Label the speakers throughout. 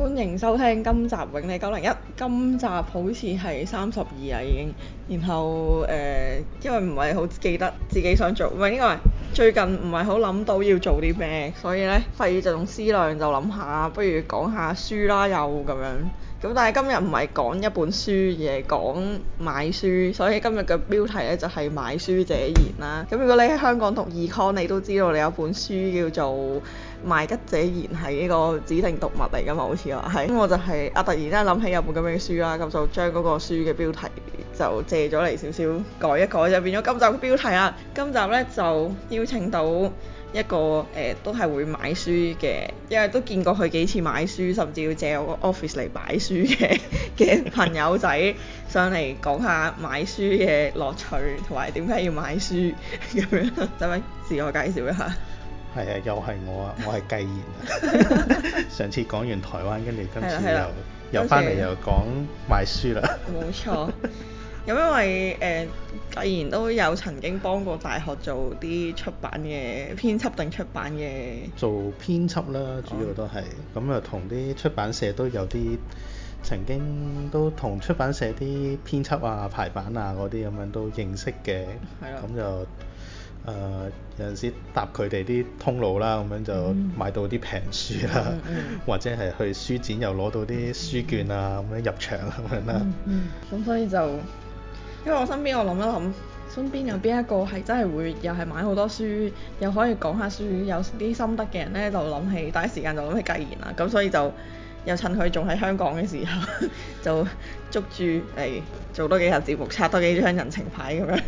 Speaker 1: 歡迎收聽今集永利九零一，今集好似係三十二啊已經，然後誒、呃，因為唔係好記得自己想做，唔係呢個，最近唔係好諗到要做啲咩，所以咧，費事就仲思量就諗下，不如講下書啦又咁樣。咁但係今日唔係講一本書，而係講買書，所以今日嘅標題咧就係買書者言啦。咁如果你喺香港讀 Econ，你都知道你有本書叫做《賣桔者言》係呢個指定讀物嚟㗎嘛，好似話係。咁、嗯、我就係、是、啊，突然間諗起有本咁嘅書啦，咁就將嗰個書嘅標題就借咗嚟少少改一改，就變咗今集嘅標題啦。今集咧就邀請到，一個誒、呃、都係會買書嘅，因為都見過佢幾次買書，甚至要借我個 office 嚟擺書嘅嘅朋友仔 上嚟講下買書嘅樂趣同埋點解要買書咁樣，就咪自我介
Speaker 2: 紹一下？係啊，又係我啊，我係繼言， 上次講完台灣，跟住今次又 又翻嚟又講買書啦，
Speaker 1: 冇錯。咁因為誒、呃，既然都有曾經幫過大學做啲出版嘅
Speaker 2: 編輯定出版嘅，做編輯啦，主要都係咁啊，同啲、嗯、出版社都有啲曾經都同出版社啲編輯啊、排版啊嗰啲咁樣都認識嘅，係啦的，咁就誒、呃、有陣時搭佢哋啲通路啦，咁樣就買到啲平書啦，嗯、或者係去書展又攞到啲書券啊，咁、嗯、樣入場咁樣啦，咁、
Speaker 1: 嗯嗯嗯、所以就。因為我身邊我諗一諗，身邊有邊一個係真係會又係買好多書，又可以講下書有啲心得嘅人咧？就諗起第一時間就諗起繼言啦，咁所以就又趁佢仲喺香港嘅時候， 就捉住嚟做多幾集節目，拆多幾張人情牌咁樣。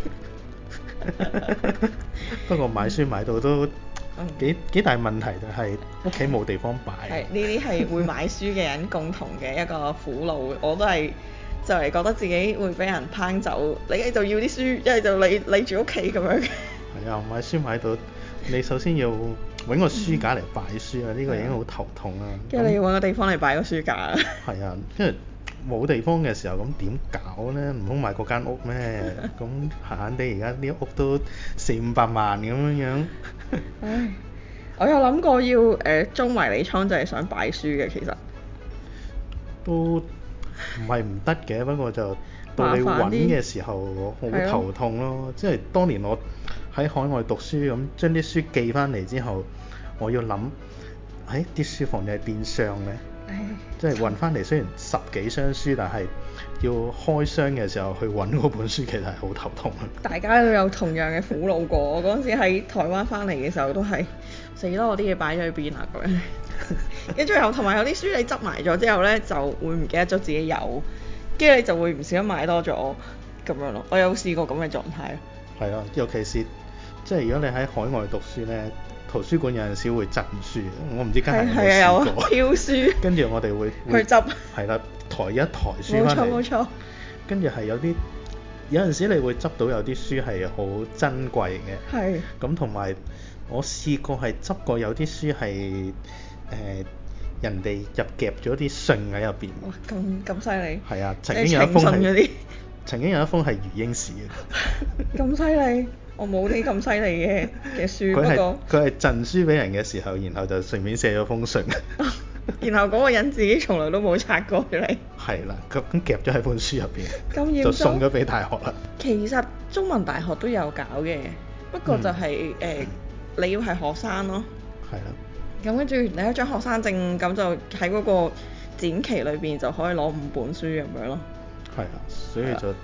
Speaker 2: 不過買書買到都幾、嗯、幾大問題就係屋企冇地方擺。
Speaker 1: 係呢啲係會買書嘅人共同嘅一個苦惱，我都係。就係覺得自己會俾人拋走，你就要啲書，一係就你你住屋企咁樣。
Speaker 2: 係啊，買書買到你首先要揾個書架嚟擺書啊，呢 個已經好頭痛啊。跟住你要揾個地方嚟擺個書架啊。係啊，因為冇地方嘅時候咁點搞咧？唔好買嗰間屋咩？咁閒閒地而家呢屋都四五百萬咁樣樣。唉 我有諗過要誒租迷你倉，呃、就係想擺書嘅其實。都。唔係唔得嘅，不過就到你揾嘅時候我好頭痛咯。 即係當年我喺海外讀書，咁，將啲書寄翻嚟之後，我要諗：誒、哎、啲書房住係變相嘅， 即係揾翻嚟雖然十幾箱書，但係……要開箱嘅時候去揾嗰本書，其實係好頭痛啊！
Speaker 1: 大家都有同樣嘅苦惱過。我嗰陣時喺台灣翻嚟嘅時候都係死咯，我啲嘢擺咗去邊啊？咁樣。跟住又同埋有啲書你執埋咗之後咧，就會唔記得咗自己有，跟住你就會唔小心買多咗咁樣咯。我有試過咁嘅狀態。
Speaker 2: 係啊，尤其是即係如果你喺海外讀書咧，圖書館有陣時會執書，我唔知家下有冇試過？係啊，有啊，丟過書。跟住我哋會去執。係啦。抬一抬書返嚟，冇錯冇錯，跟住係有啲有陣時你會執到有啲書係好珍貴嘅，係，咁同埋我試過係執過有啲書係誒、呃、人哋入夾咗啲信喺入邊。哇，
Speaker 1: 咁咁犀利！
Speaker 2: 係啊，曾經有一封係 曾經有一封係余英時嘅。
Speaker 1: 咁犀利！我冇啲咁犀利嘅嘅書， 不過佢係
Speaker 2: 佢係贈書俾人嘅時候，然後就順便寫咗封信。
Speaker 1: 然後嗰個人
Speaker 2: 自己從來都冇拆過嚟， 係啦，咁夾咗喺本書入邊，
Speaker 1: 就送咗
Speaker 2: 俾大學啦。
Speaker 1: 其實中文大學都有搞嘅，不過就係、是、誒、嗯呃、你要係學生咯，
Speaker 2: 係啦的。
Speaker 1: 咁跟住你一張學生證，咁就喺嗰個展期
Speaker 2: 裏邊就可以攞
Speaker 1: 五本書咁樣咯。
Speaker 2: 係啊，所以就的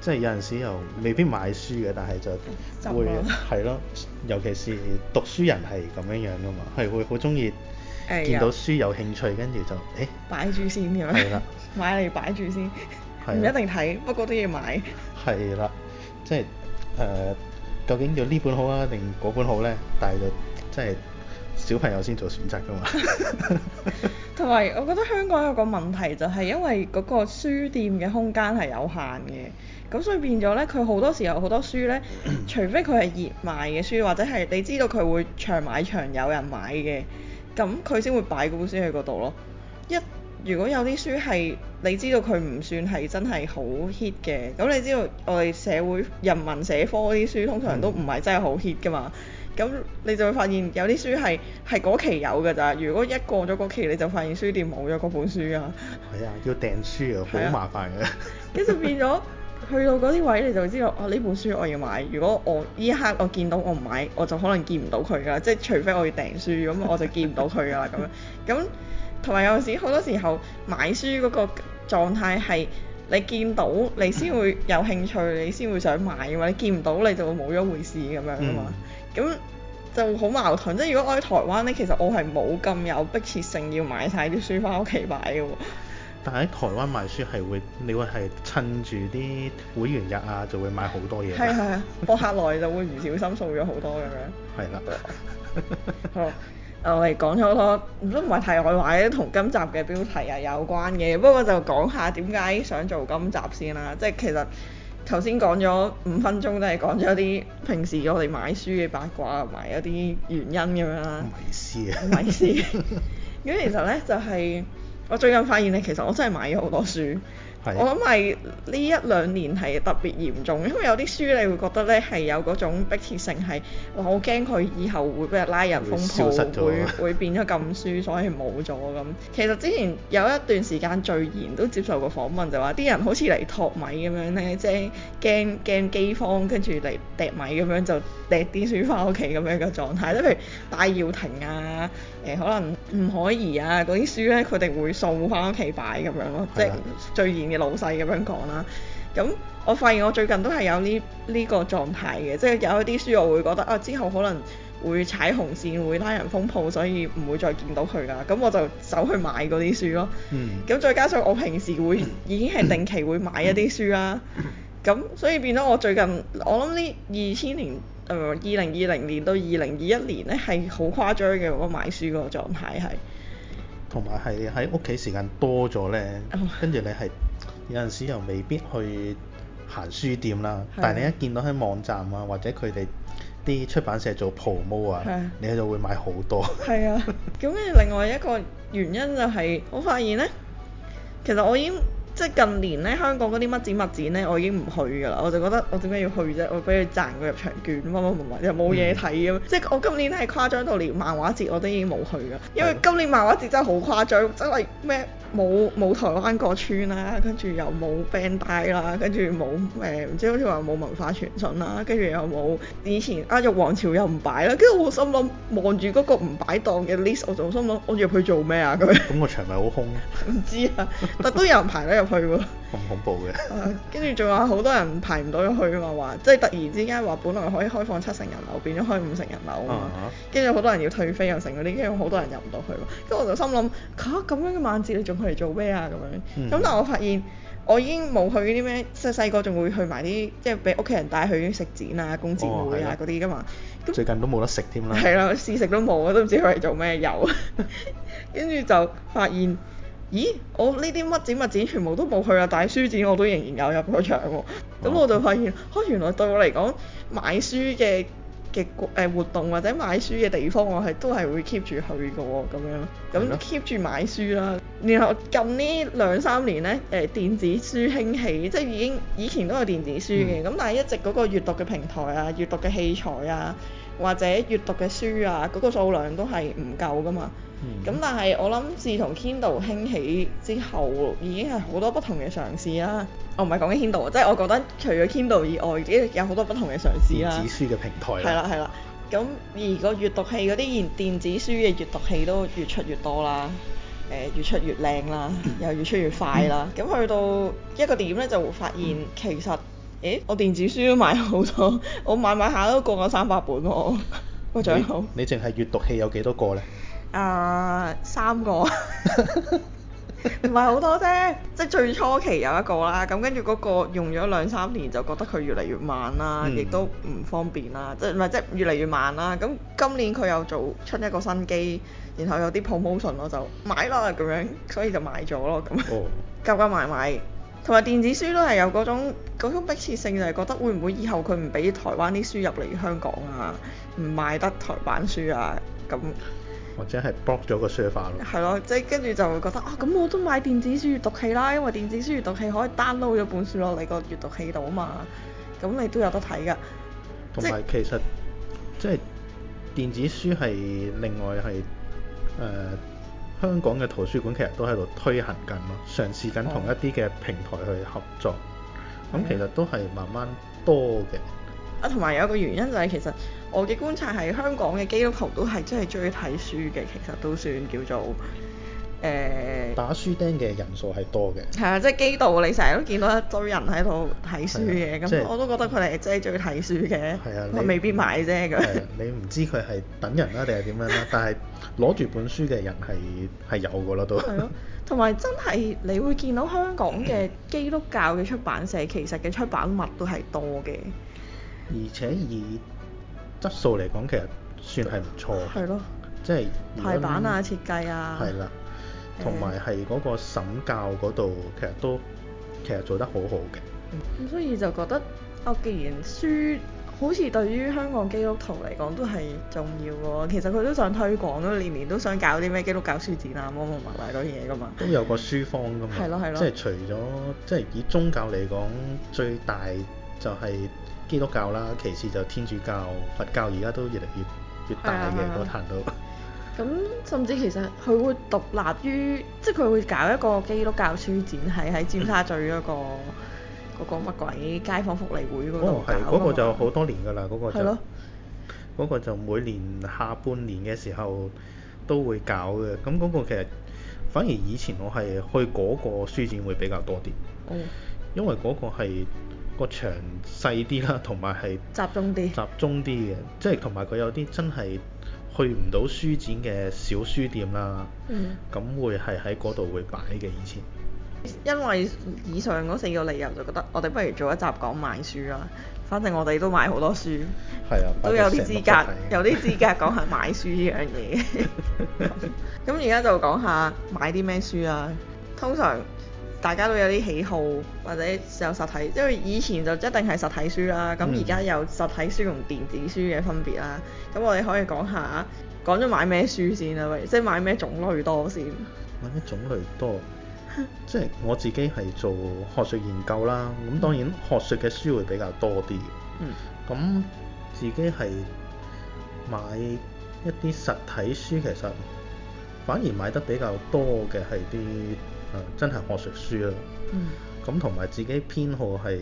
Speaker 2: 即係有陣時又未必買書嘅，但係就會係咯、嗯， 尤其是讀書人係咁樣樣噶嘛，係會好中意。誒見到書有興趣，跟住就誒、
Speaker 1: 欸、擺住先咁樣，的買嚟擺住先，唔的一定睇，不過都要買。
Speaker 2: 係啦，即係誒、呃，究竟要呢本好啊，定嗰本好咧？但係就即係小朋友先做選擇㗎嘛。同
Speaker 1: 埋 我覺得香港有個問題就係因為嗰個書店嘅空間係有限嘅，咁所以變咗咧，佢好多時候好多書咧，除非佢係熱賣嘅書，或者係你知道佢會長買長有人買嘅。咁佢先會擺本書喺嗰度咯。一如果有啲書係你知道佢唔算係真係好 hit 嘅，咁你知道我哋社會人文、社科嗰啲書通常都唔係真係好 hit 噶嘛。咁、嗯、你就會發現有啲書係係嗰期有㗎咋。如果一過咗嗰期你就發現書店冇咗嗰本書啊。
Speaker 2: 係啊，要訂書啊，好麻煩嘅。
Speaker 1: 跟 就 變咗。去到嗰啲位你就知道，啊、哦、呢本書我要買。如果我呢一刻我見到我唔買，我就可能見唔到佢㗎。即係除非我要訂書，咁 我就見唔到佢㗎啦咁樣。咁同埋有陣時好多時候買書嗰個狀態係你見到你先會有興趣，你先會想買㗎嘛。你見唔到你就冇咗一回事咁樣㗎嘛。咁、嗯、就好矛盾。即係如果我喺台灣咧，其實我係冇咁有迫切性要買晒啲書翻
Speaker 2: 屋企買嘅喎。但喺台灣買書係會，你會係趁住啲會員日啊，就會買好多嘢。係係
Speaker 1: 啊，博客來就會唔小心掃咗好多咁樣。係啦。好，我哋講咗好多，都唔係太題外話嘅，同今集嘅標題啊有關嘅。不過就講下點解想做今集先啦。即係其實頭先講咗五分鐘都係講咗啲平時我哋買書嘅八卦同埋一啲原因咁樣啦。迷
Speaker 2: 思啊。迷
Speaker 1: 思。咁其實咧就係。我最近發現咧，其實我真係買咗好多書。
Speaker 2: 的我諗
Speaker 1: 係呢一兩年係特別嚴重，因為有啲書你會覺得咧係有嗰種迫切性，係我好驚佢以後會俾人拉人封鋪，會會變咗禁書，所以冇咗咁。其實之前有一段時間最嚴都接受過訪問，就話啲人好似嚟託米咁樣咧，即係驚驚饑荒，跟住嚟掟米咁樣就掟啲書返屋企咁樣嘅狀態。即係譬如戴耀廷啊。誒、呃、可能唔可以啊！嗰啲書咧，佢哋會掃翻屋企擺咁樣咯，的即係最嚴嘅老細咁樣講啦。咁我發現我最近都係有呢呢、呢個狀態嘅，即係有一啲書我會覺得啊，之後可能會踩紅線，會拉人封鋪，所以唔會再見到佢噶。咁我就走去買嗰啲書咯。咁、嗯、再加上我平時會已經係定期會買一啲書啦、啊。咁、嗯、 所以變咗我最近我諗呢二千年。誒，二零二零年到二零二一年咧，係好誇張嘅，我買書嗰個狀態係，
Speaker 2: 同埋係喺屋企時間多咗咧，跟住、嗯、你係有陣時又未必去行書店啦、啊。但係你一見到喺網站啊或者佢哋啲出版社做 promo 啊，啊你就會買好多。
Speaker 1: 係啊，咁跟住另外一個原因就係、是、我發現咧，其實我已經。即係近年咧，香港嗰啲乜展乜展咧，我已經唔去㗎啦。我就覺得我點解要去啫？我俾佢賺個入場券，乜乜乜乜又冇嘢睇咁。嗯、即係我今年係誇張到連漫畫節我都已經冇去㗎，因為今年漫畫節真係好誇張，真係咩？冇冇台灣個村啦，跟住又冇 band 帶啦，跟住冇誒唔知好似話冇文化傳信啦，跟住又冇以前阿玉皇朝又唔擺啦，跟住我心諗望住嗰個唔擺檔嘅 list，我仲心諗我入去做咩啊，
Speaker 2: 咁咁個場咪好空？唔
Speaker 1: 知啊，但都有人排到入去喎。
Speaker 2: 咁恐怖嘅？
Speaker 1: 跟住仲有好多人排唔到入去啊嘛，話即係突然之間話本來可以開放七成人流變咗開五成人流啊嘛，跟住好多人要退飛又成嗰啲，跟住好多人入唔到去咯，跟住我就心諗嚇，咁樣嘅漫節你仲？佢嚟做咩啊？咁樣咁，但係我發現我已經冇去嗰啲咩細細個仲會去埋啲，即係俾屋企人帶去食展啊、工展會啊嗰啲㗎嘛。哦、
Speaker 2: 那最近都冇得食添啦。係
Speaker 1: 啦，試食都冇，我都唔知佢嚟做咩，有跟住 就發現咦，我呢啲乜展乜展全部都冇去啊，但係書展我都仍然有入咗場喎、啊。咁我就發現，哦，原來對我嚟講買書嘅。嘅誒活動或者買書嘅地方，我係都係會 keep 住去嘅喎，咁樣咯，咁 keep 住買書啦。然後近呢兩三年呢，誒電子書興起，即係已經以前都有電子書嘅，咁、嗯、但係一直嗰個閱讀嘅平台啊、閱讀嘅器材啊或者閱讀嘅書啊，嗰、嗰個數量都係唔夠噶嘛。咁、嗯、但係我諗，自從 Kindle 興起之後，已經係好多不同嘅嘗試啦。我唔係講緊 Kindle 即係我覺得除咗 Kindle 以外，已經有好多不同嘅嘗試啦。電子
Speaker 2: 書嘅平台。係啦
Speaker 1: 係啦。咁而個閱讀器嗰啲電電子書嘅閱讀器都越出越多啦，誒、呃、越出越靚啦，又越出越快啦。咁 去到一個點咧，就發現 其實，咦、欸？我電子書都買好多， 我買買下都過咗三百本喎。我仲有。
Speaker 2: 你淨係閱讀器有幾多個咧？
Speaker 1: 啊、uh, 三個，唔係好多啫，即係最初期有一個啦，咁跟住嗰個用咗兩三年就覺得佢越嚟越慢啦，亦都唔方便啦，即係唔係即係越嚟越慢啦，咁今年佢又做出一個新機，然後有啲 promotion 咯，就買啦咁樣，所以就買咗咯咁，夾夾埋埋，同埋、哦、 電子書都係有嗰種嗰種迫切性，就係覺得會唔會以後佢唔俾台灣啲書入嚟香港啊，唔賣得台版書啊咁。
Speaker 2: 或者係 block 咗個 server 咯，
Speaker 1: 係咯，即係跟住就會覺得啊，咁我都買電子書閱讀器啦，因為電子書閱讀器可以 download 咗本書落嚟個閱讀器度啊嘛，咁你都有得睇㗎。
Speaker 2: 同埋其實即係電子書係另外係誒、呃、香港嘅圖書館其實都喺度推行緊啦，嘗試緊同一啲嘅平台去合作，咁其實都係慢慢多嘅。嗯。
Speaker 1: 啊，同埋有一個原因就係、是、其實我嘅觀察係香港嘅基督徒都係真係中意睇書嘅，其實都算叫做誒、呃、
Speaker 2: 打書釘嘅人數係多嘅。
Speaker 1: 係啊，即、就、係、是、基道，你成日都見到一堆人喺度睇書嘅，咁、啊就是、我都覺得佢哋真係中意睇書嘅。係啊，佢未必買啫咁。係
Speaker 2: 你唔、 啊、知佢係等人啦定係點樣啦， 但係攞住本書嘅人係係有㗎喇都。係咯、啊，
Speaker 1: 同埋真係你會見到香港嘅基督教嘅出版社，其實嘅出版物都係多嘅。
Speaker 2: 而且以質素嚟講，其實算係唔錯嘅，的即係排版啊、設
Speaker 1: 計啊，係
Speaker 2: 啦了，同埋係嗰個審校嗰度，其實都其實做得好好嘅。
Speaker 1: 咁所以就覺得，我既然書好似對於香港基督徒嚟講都係重要喎，其實佢都想推廣咯，年年都想搞啲咩基督教書展啊、乜乜乜嗰啲嘢㗎嘛。
Speaker 2: 都有個書坊㗎嘛，即係除咗即係以宗教嚟講，最大就係、是。基督教啦，其次就天主教、佛教，而家都越嚟越越大嘅，嗰的壇度，
Speaker 1: 咁的 甚至其實佢會獨立於即係佢會搞一個基督教書展，係喺尖沙咀嗰、那個嗰、 那個乜鬼、那個、街坊福利會嗰度搞哦，係、那個、就
Speaker 2: 好多年㗎啦，個個的。係咯。嗰個就每年下半年嘅時候都會搞嘅，咁、那、嗰個其實反而以前我係去嗰個書展會比較多啲。哦、嗯。因為嗰個係。個場細啲啦，同埋係集中啲，集中啲嘅，即係同埋佢有啲真係去唔到書展嘅小書店啦。嗯，咁會係喺嗰度會擺嘅。以前
Speaker 1: 因為以上嗰四個理由，就覺得我哋不如做一集講買書啦。反正我哋都買好多書，
Speaker 2: 係啊，都有啲資格， 有
Speaker 1: 啲資格講下買書呢樣嘢。咁而家就講下買啲咩書啦，通常。大家都有啲喜好，或者有實體，因為以前就一定係實體書啦。咁而家有實體書同電子書嘅分別啦。咁、嗯、我哋可以講下，講咗買咩書先啦，即係買咩種類多先。
Speaker 2: 買咩種類多？ 即係我自己係做學術研究啦，咁當然學術嘅書會比較多啲。嗯。咁自己係買一啲實體書，其實反而買得比較多嘅係啲。誒，真係學術書啊。咁同埋自己偏好係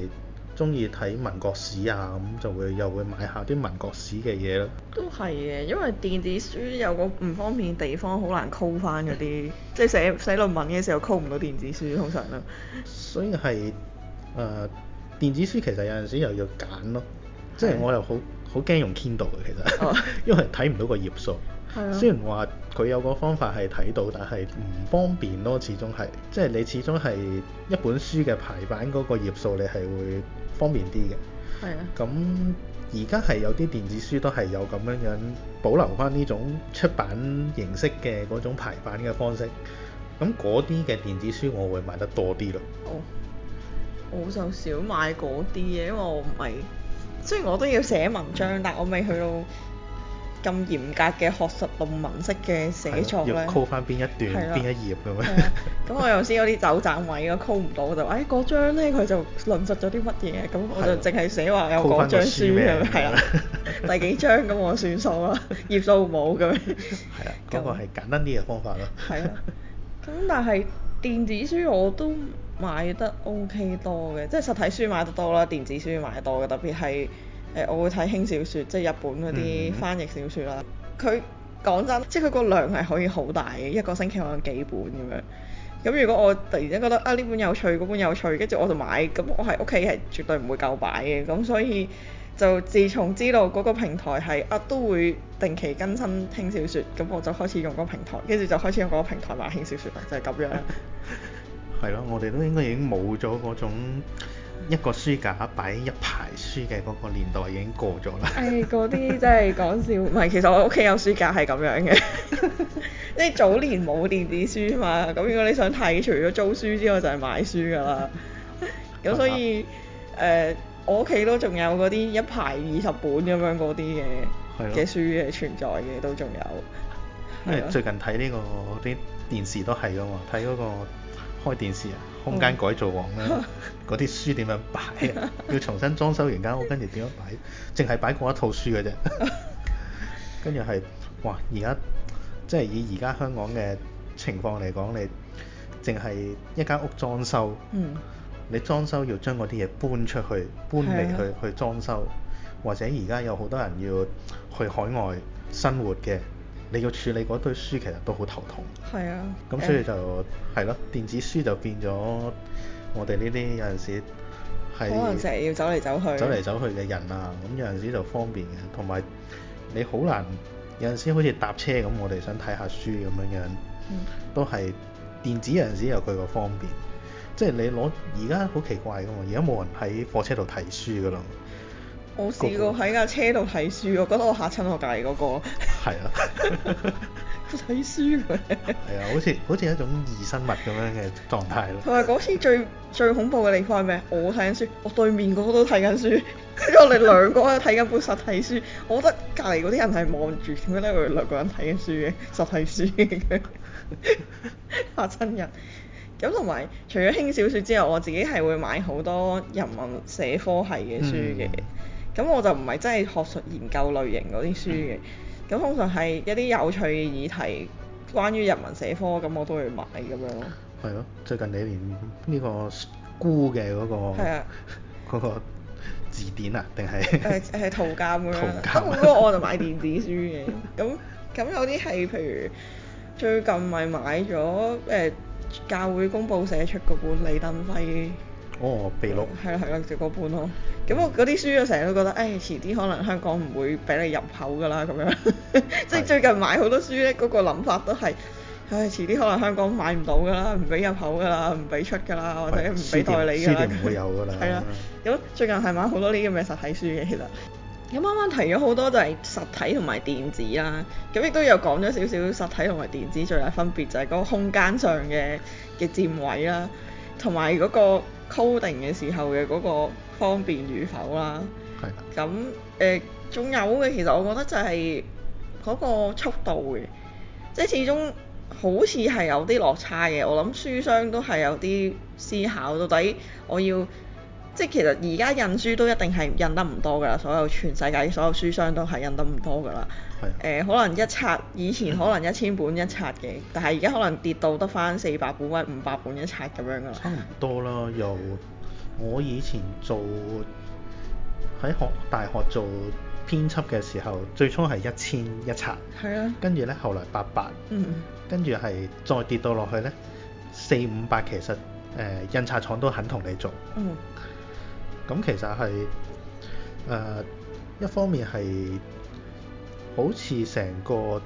Speaker 2: 鍾意睇民國史啊，咁就會又會買下啲民國史嘅嘢咯。
Speaker 1: 都係嘅，因為電子書有個唔方便地方，好難溝翻嗰啲，即係寫寫論文
Speaker 2: 嘅時候溝唔到電子書，通常啦。所以係誒、呃、電子書其實有陣時又要揀咯，即係是我又好好驚用 Kindle 嘅其實，哦、 因為睇唔到個頁數。雖然話佢有個方法係睇到，但係唔方便咯。始終係，即係你始終係一本書嘅排版嗰個頁數，你係會方便啲嘅。係啊的。咁而家係有啲電子書都係有咁樣樣保留翻呢種出版形式嘅嗰種排版嘅方式。咁嗰啲嘅電子書，我會買得多啲咯。
Speaker 1: 哦，我就少買嗰啲嘢，因為我唔係雖然我都要寫文章，嗯、但我未去到。咁嚴格嘅學術論文式嘅寫作咧，要 cut
Speaker 2: 翻邊一段、邊一頁咁樣。
Speaker 1: 咁我又先有啲走盞位，我 cut 唔到，我就誒嗰章咧佢就論述咗啲乜嘢，咁我就淨係寫話有嗰章書係咪？係啦，第幾章咁我算數啦，
Speaker 2: 頁數冇咁樣。係啦，嗰個係簡單啲嘅方法咯。係啊，
Speaker 1: 咁但係電子書我都買得 OK 多嘅，即係實體書買得多啦，電子書買得多嘅，特別係。誒，我會睇輕小說，即係日本嗰啲翻譯小說啦。佢講真，即係佢個量係可以好大嘅，一個星期可能幾本咁樣。咁如果我突然間覺得啊呢本有趣，嗰本有趣，跟住我就買，咁我喺屋企係絕對唔會夠擺嘅。咁所以就自從知道嗰個平台係啊都會定期更新輕小說，咁我就開始用嗰個平台，跟住就開始用嗰個平台買輕小說，就係、是、咁樣。
Speaker 2: 係咯、 啊，我哋都應該已經冇咗嗰種。一個書架擺一排書嘅嗰個年代已經過咗啦、
Speaker 1: 哎。誒，嗰啲真係講笑，唔係， 其實我屋企有書架係咁樣嘅， 即係早年冇電子書嘛，咁 如果你想睇，除咗租書之外就係買書㗎啦。咁 所以誒、 呃，我屋企都仲有嗰啲一排二十本咁樣嗰啲嘅嘅書嘅存在嘅，都
Speaker 2: 仲了有。因為最近睇呢個啲電視都係㗎嘛，睇嗰個開電視啊。空間改造王咧，嗰啲、嗯、 書點樣擺？要重新裝修完間屋，跟住點樣擺？淨係擺過一套書嘅啫。跟住係，哇！而家即係以而家香港嘅情況嚟講，你淨係一間屋裝修，嗯、你裝修要將嗰啲嘢搬出去，搬嚟去、啊、去裝修，或者而家有好多人要去海外生活嘅。你要處理嗰堆書其實都好頭痛。
Speaker 1: 係啊。咁所以
Speaker 2: 就係咯、嗯，電子書就變咗我哋呢啲有陣時係可能要走嚟走
Speaker 1: 去。走嚟走去
Speaker 2: 嘅人啊，咁有陣時就方便嘅，同埋你好難有陣時好似搭車咁，我哋想睇下書咁樣樣，嗯、都係電子有陣時又佢個方便，即係你攞而家好奇怪㗎嘛，而家冇人喺火車度睇書嘅啦。我
Speaker 1: 試過喺架車度睇書，我覺得我嚇親我隔離嗰個。
Speaker 2: 係啊， 睇書嘅。係啊，好似好似一種異生物咁樣嘅狀態咯。同
Speaker 1: 埋嗰次最最恐怖嘅地方係咩？我睇緊書，我對面嗰個， 個都睇緊書，跟住我哋兩個睇緊本實體書。我覺得隔離嗰啲人係望住，點解佢哋兩個人睇緊書嘅實體書嘅 嚇親人。咁同埋除咗輕小說之外，我自己係會買好多人文社科系嘅書嘅。嗯咁我就唔係真係學術研究類型嗰啲書嘅，咁通常係一啲有趣嘅議題，關於人文社科，咁我都會買咁樣。
Speaker 2: 係咯，最近呢年呢個孤嘅嗰、嗰個，係啊的，嗰個字典啊定係？
Speaker 1: 誒誒，圖鑑咁樣。圖鑑嗰個我就買電子書嘅，咁咁 有啲係譬如最近咪買咗誒教會公報社出嗰本李登輝。哦，秘錄。係啦係啦，就嗰本咯。咁我嗰啲書我成日都覺得，誒、哎、遲啲可能香港唔會俾你入口㗎啦咁樣。 即係最近買好多書咧，嗰、那個諗法都係，唉、哎，遲啲可能香港買唔到㗎啦，唔俾入口㗎啦，唔俾出㗎啦，或者唔俾喂代理㗎啦。係啦，書店唔
Speaker 2: 會
Speaker 1: 有㗎啦。係啦。咁最近係買好多呢啲咁嘅實體書嘅，其實。咁啱啱提咗好多就係實體同埋電子啦。咁亦都有講咗少少實體同埋電子最大分別就係、是、嗰個空間上嘅嘅佔位啦，同埋嗰個。coding 嘅時候嘅嗰個方便與否啦，係啦的。咁誒，仲有嘅其實我覺得就係嗰個速度嘅，即係始終好似係有啲落差嘅。我諗書商都係有啲思考，到底我要。即係其實而家印書都一定係印得唔多㗎啦，所有全世界所有書商都係印得唔多㗎啦。係誒是的、呃，可能一冊以前可能一千本一冊嘅， 但係而家可能跌到得翻四百本或者五百本一冊咁樣㗎啦。差
Speaker 2: 唔多啦，又我以前做喺學大學做編輯嘅時候，最初係一千一冊，係啊是的，跟住咧後來八百，嗯，跟住係再跌到落去咧四五百，其實誒、呃、印刷廠都肯同你做，嗯。 咁、嗯、其實係誒、呃、一方面係好似成個誒、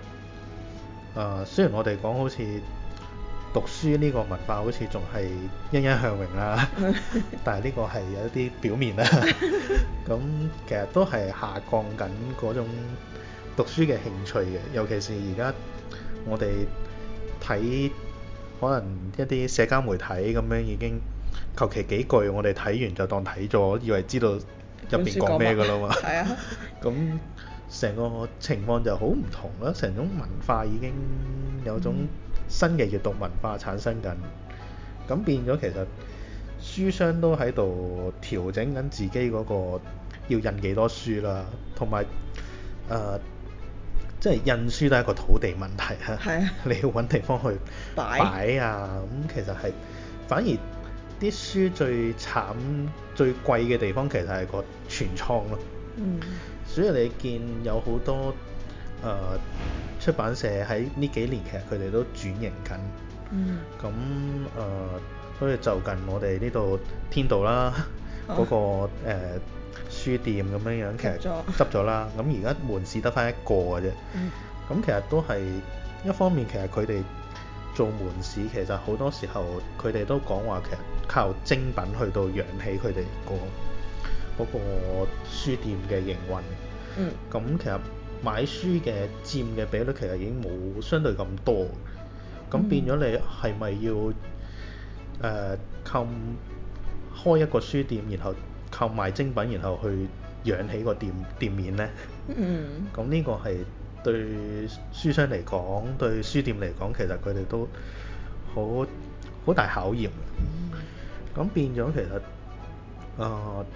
Speaker 2: 呃、雖然我哋講好似讀書呢個文化好似仲係欣欣向榮啦， 但係呢個係有一啲表面啦。咁、 嗯、其實都係下降緊嗰種讀書嘅興趣嘅，尤其是而家我哋睇可能一啲社交媒體咁樣已經。.求其幾句，我哋睇完就當睇咗，以為知道入邊講咩嘅啦嘛。係啊。咁成 個情況就好唔同啦，成種文化已經有種新嘅閱讀文化產生緊，咁、嗯、變咗其實書商都喺度調整緊自己嗰個要印幾多書啦，同埋誒即係印書都係一個土地問題啊。係啊。你要揾地方去擺啊，咁擺其實係反而。啲書最慘、最貴嘅地方其實係個存倉咯。嗯。所以你見有好多誒、呃、出版社喺呢幾年其實佢哋都轉型緊。嗯。咁誒，好、呃、似就近我哋呢度天道啦，嗰、啊 嗰個誒、呃、書店咁樣樣，其實執咗啦。執咗啦。咁而家門市得返一個嘅啫。嗯。咁其實都係一方面，其實佢哋。做門市其實好多時候，佢哋都講話其實靠精品去到養起佢哋、嗰個嗰、嗰個書店嘅營運。嗯。咁其實買書嘅佔嘅比率其實已經冇相對咁多，咁變咗你係咪要誒靠、嗯呃、開一個書店，然後靠賣精品，然後去養起個店店面呢？ 嗯。咁呢個係。對書商嚟講，對書店嚟講，其實佢哋都好好大考驗嘅。咁變咗，呃，其實啊，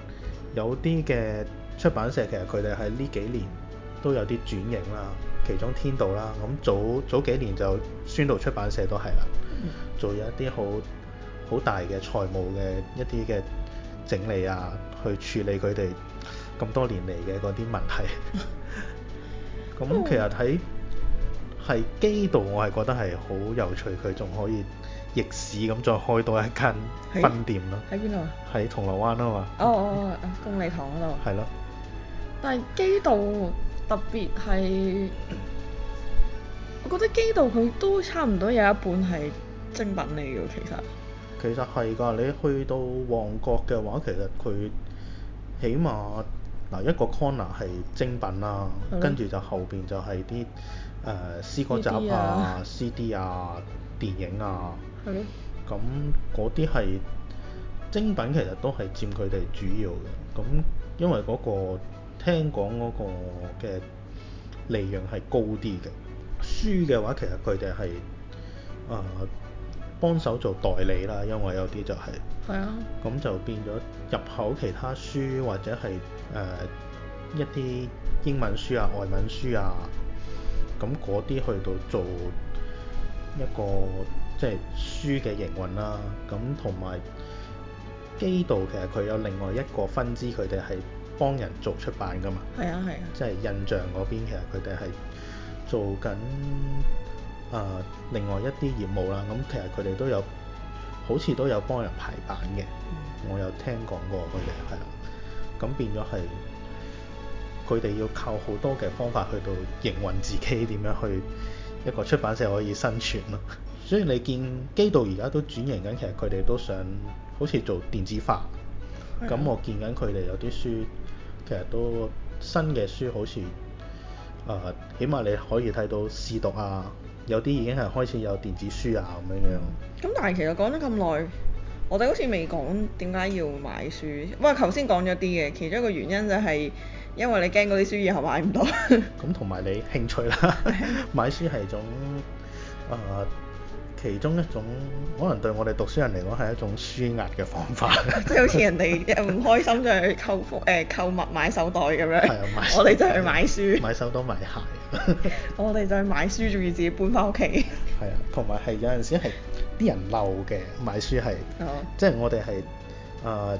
Speaker 2: 有啲嘅出版社其實佢哋喺呢幾年都有啲轉型啦，其中天道啦，咁早早幾年就宣道出版社都係啦，做咗一啲好好大嘅財務嘅一啲嘅整理啊，去處理佢哋咁多年嚟嘅嗰啲問題。咁其實喺係基道，我係覺得係好有趣，佢仲可以逆市咁再開多一間分店咯。喺邊度啊？喺銅鑼灣啊嘛。哦
Speaker 1: 哦哦，公理
Speaker 2: 堂嗰度。係咯。
Speaker 1: 但係基道特別係，我覺得基道佢都差唔多有一半係精品嚟嘅。其
Speaker 2: 實。其實係㗎，你去到旺角嘅話，其實佢起碼。嗱一個 corner 係精品啦，跟住 Okay. 就後邊就係啲誒詩歌集啊、呃、CD 啊、電影啊，咁嗰啲係精品其實都係佔佢哋主要嘅，咁因為嗰個聽講嗰個嘅利潤係高啲嘅，書嘅話其實佢哋係誒。呃幫手做代理啦，因為有啲就係、是，係啊，咁就變咗入口其他書或者係誒、呃、一啲英文書啊、外文書啊，咁嗰啲去到做一個即係、就是、書嘅營運啦，咁同埋基道其實佢有另外一個分支，佢哋係幫人做出版㗎嘛，係啊係啊，即係、啊、印象嗰邊其實佢哋係做緊。誒、呃、另外一啲業務啦，咁、嗯、其實佢哋都有好似都有幫人排版嘅，我有聽講過佢哋係啊。咁、嗯嗯、變咗係佢哋要靠好多嘅方法去到營運自己，點樣去一個出版社可以生存咯。 所以你見基道而家都轉型緊，其實佢哋都想好似做電子化。咁、嗯、我見緊佢哋有啲書，其實都新嘅書好似誒、呃，起碼你可以睇到試讀啊。有啲已經係開始有電子書啊，咁樣樣。咁但係其實
Speaker 1: 講咗咁耐，我哋好似未講點解要買書。不過，頭先講咗啲嘅，其中一個原因就係因為你驚嗰啲書以後買唔到。
Speaker 2: 咁同埋你興趣啦， 買書係種啊。呃其中一種可能對我哋讀書人嚟講係一種舒壓嘅方法，即係好似人哋唔開心就去購、 呃、購、
Speaker 1: 誒、購物買
Speaker 2: 手袋咁樣，係啊，我哋就去買
Speaker 1: 書，買手袋買
Speaker 2: 鞋， 我哋就去買書，仲要自己搬翻屋企。係 啊，同埋係有陣時係啲人嬲嘅買書係，即係、哦、我哋係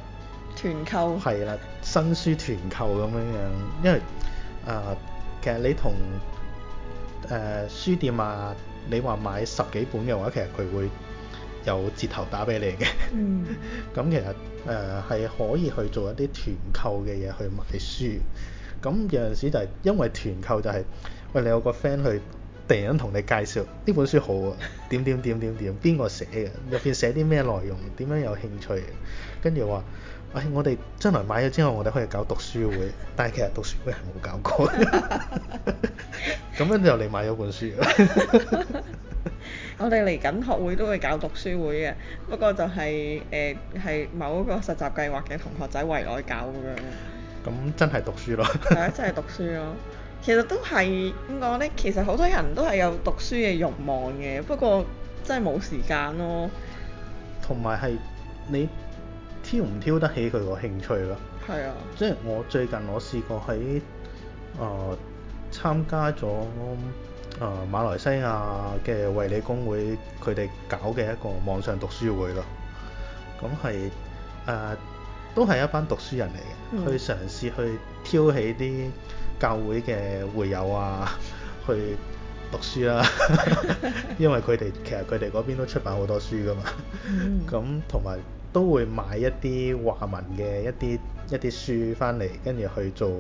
Speaker 2: 誒團購，係啦、啊，新書團購咁樣樣，因為誒、呃、其實你同誒、呃、書店啊。你話買十幾本嘅話，其實佢會有折頭打俾你嘅。咁 其實誒係、呃、可以去做一啲團購嘅嘢去買書。咁有陣時就係、是、因為團購就係、是，喂你有個 friend 去突然間同你介紹呢本書好啊，點點點點點，邊個寫嘅，入邊寫啲咩內容，點樣有興趣，跟住話。哎、我哋將來買咗之後，我哋可以搞讀書會，但係其實讀書會係冇搞過。咁 樣就嚟買咗本書。
Speaker 1: 我哋嚟緊學會都會搞讀書會嘅，不過就係誒係某一個實習計劃嘅同學仔圍內搞嘅。
Speaker 2: 咁 真係讀書咯 。
Speaker 1: 係啊，真係讀書咯。其實都係點講咧？其實好多人都係有讀書嘅慾望嘅，不過真係冇時間咯。
Speaker 2: 同埋係你。挑唔挑得起佢個興趣咯？係啊，即係我最近我試過喺啊參加咗啊、呃、馬來西亞嘅衛理公會佢哋搞嘅一個網上讀書會咯，咁係啊都係一班讀書人嚟嘅，去嘗試去挑起啲教會嘅會友啊去讀書啦、啊， 因為佢哋其實佢哋嗰邊都出版好多書噶嘛，咁同埋。 都會買一啲華文嘅一啲一啲書翻嚟，跟住去做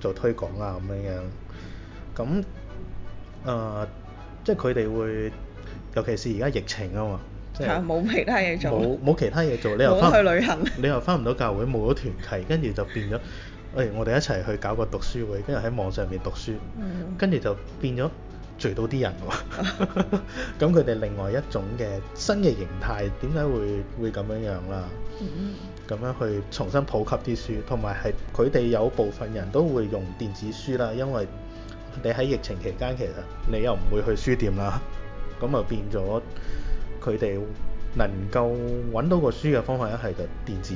Speaker 2: 做推廣啊咁樣樣。咁、呃、誒，即係佢哋會，尤其是而家疫情啊嘛，
Speaker 1: 冇其他嘢做，
Speaker 2: 冇其他嘢做，冇得去旅行，你又翻唔到教會，冇咗團契，跟住就變咗誒、哎，我哋一齊去搞個讀書會，跟住喺網上面讀書，跟住、嗯、就變咗。聚到啲人喎，咁佢哋另外一種嘅新嘅形態，點解會會咁樣樣啦？咁樣去重新普及啲書，同埋係佢哋有部分人都會用電子書啦，因為你喺疫情期間其實你又唔會去書店啦，咁啊變咗佢哋能夠揾到個書嘅方法一係就電子，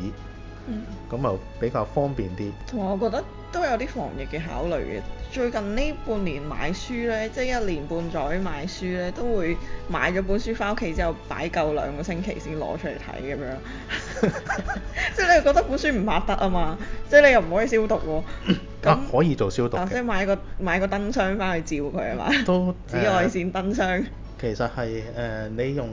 Speaker 2: 咁啊比較方便啲。
Speaker 1: 同我覺得。都有啲防疫嘅考慮嘅。最近呢半年買書呢，即係一年半載買書呢，都會買咗本書翻屋企之後擺夠兩個星期先攞出嚟睇咁樣。 即係你會覺得本書唔拍得啊嘛？即係你又唔可以消毒喎。
Speaker 2: 咁可以做消毒嘅。即係、啊就是、
Speaker 1: 買個買個燈箱翻去照佢啊嘛。
Speaker 2: 都、呃、紫外線燈箱。其實係誒、呃，你用。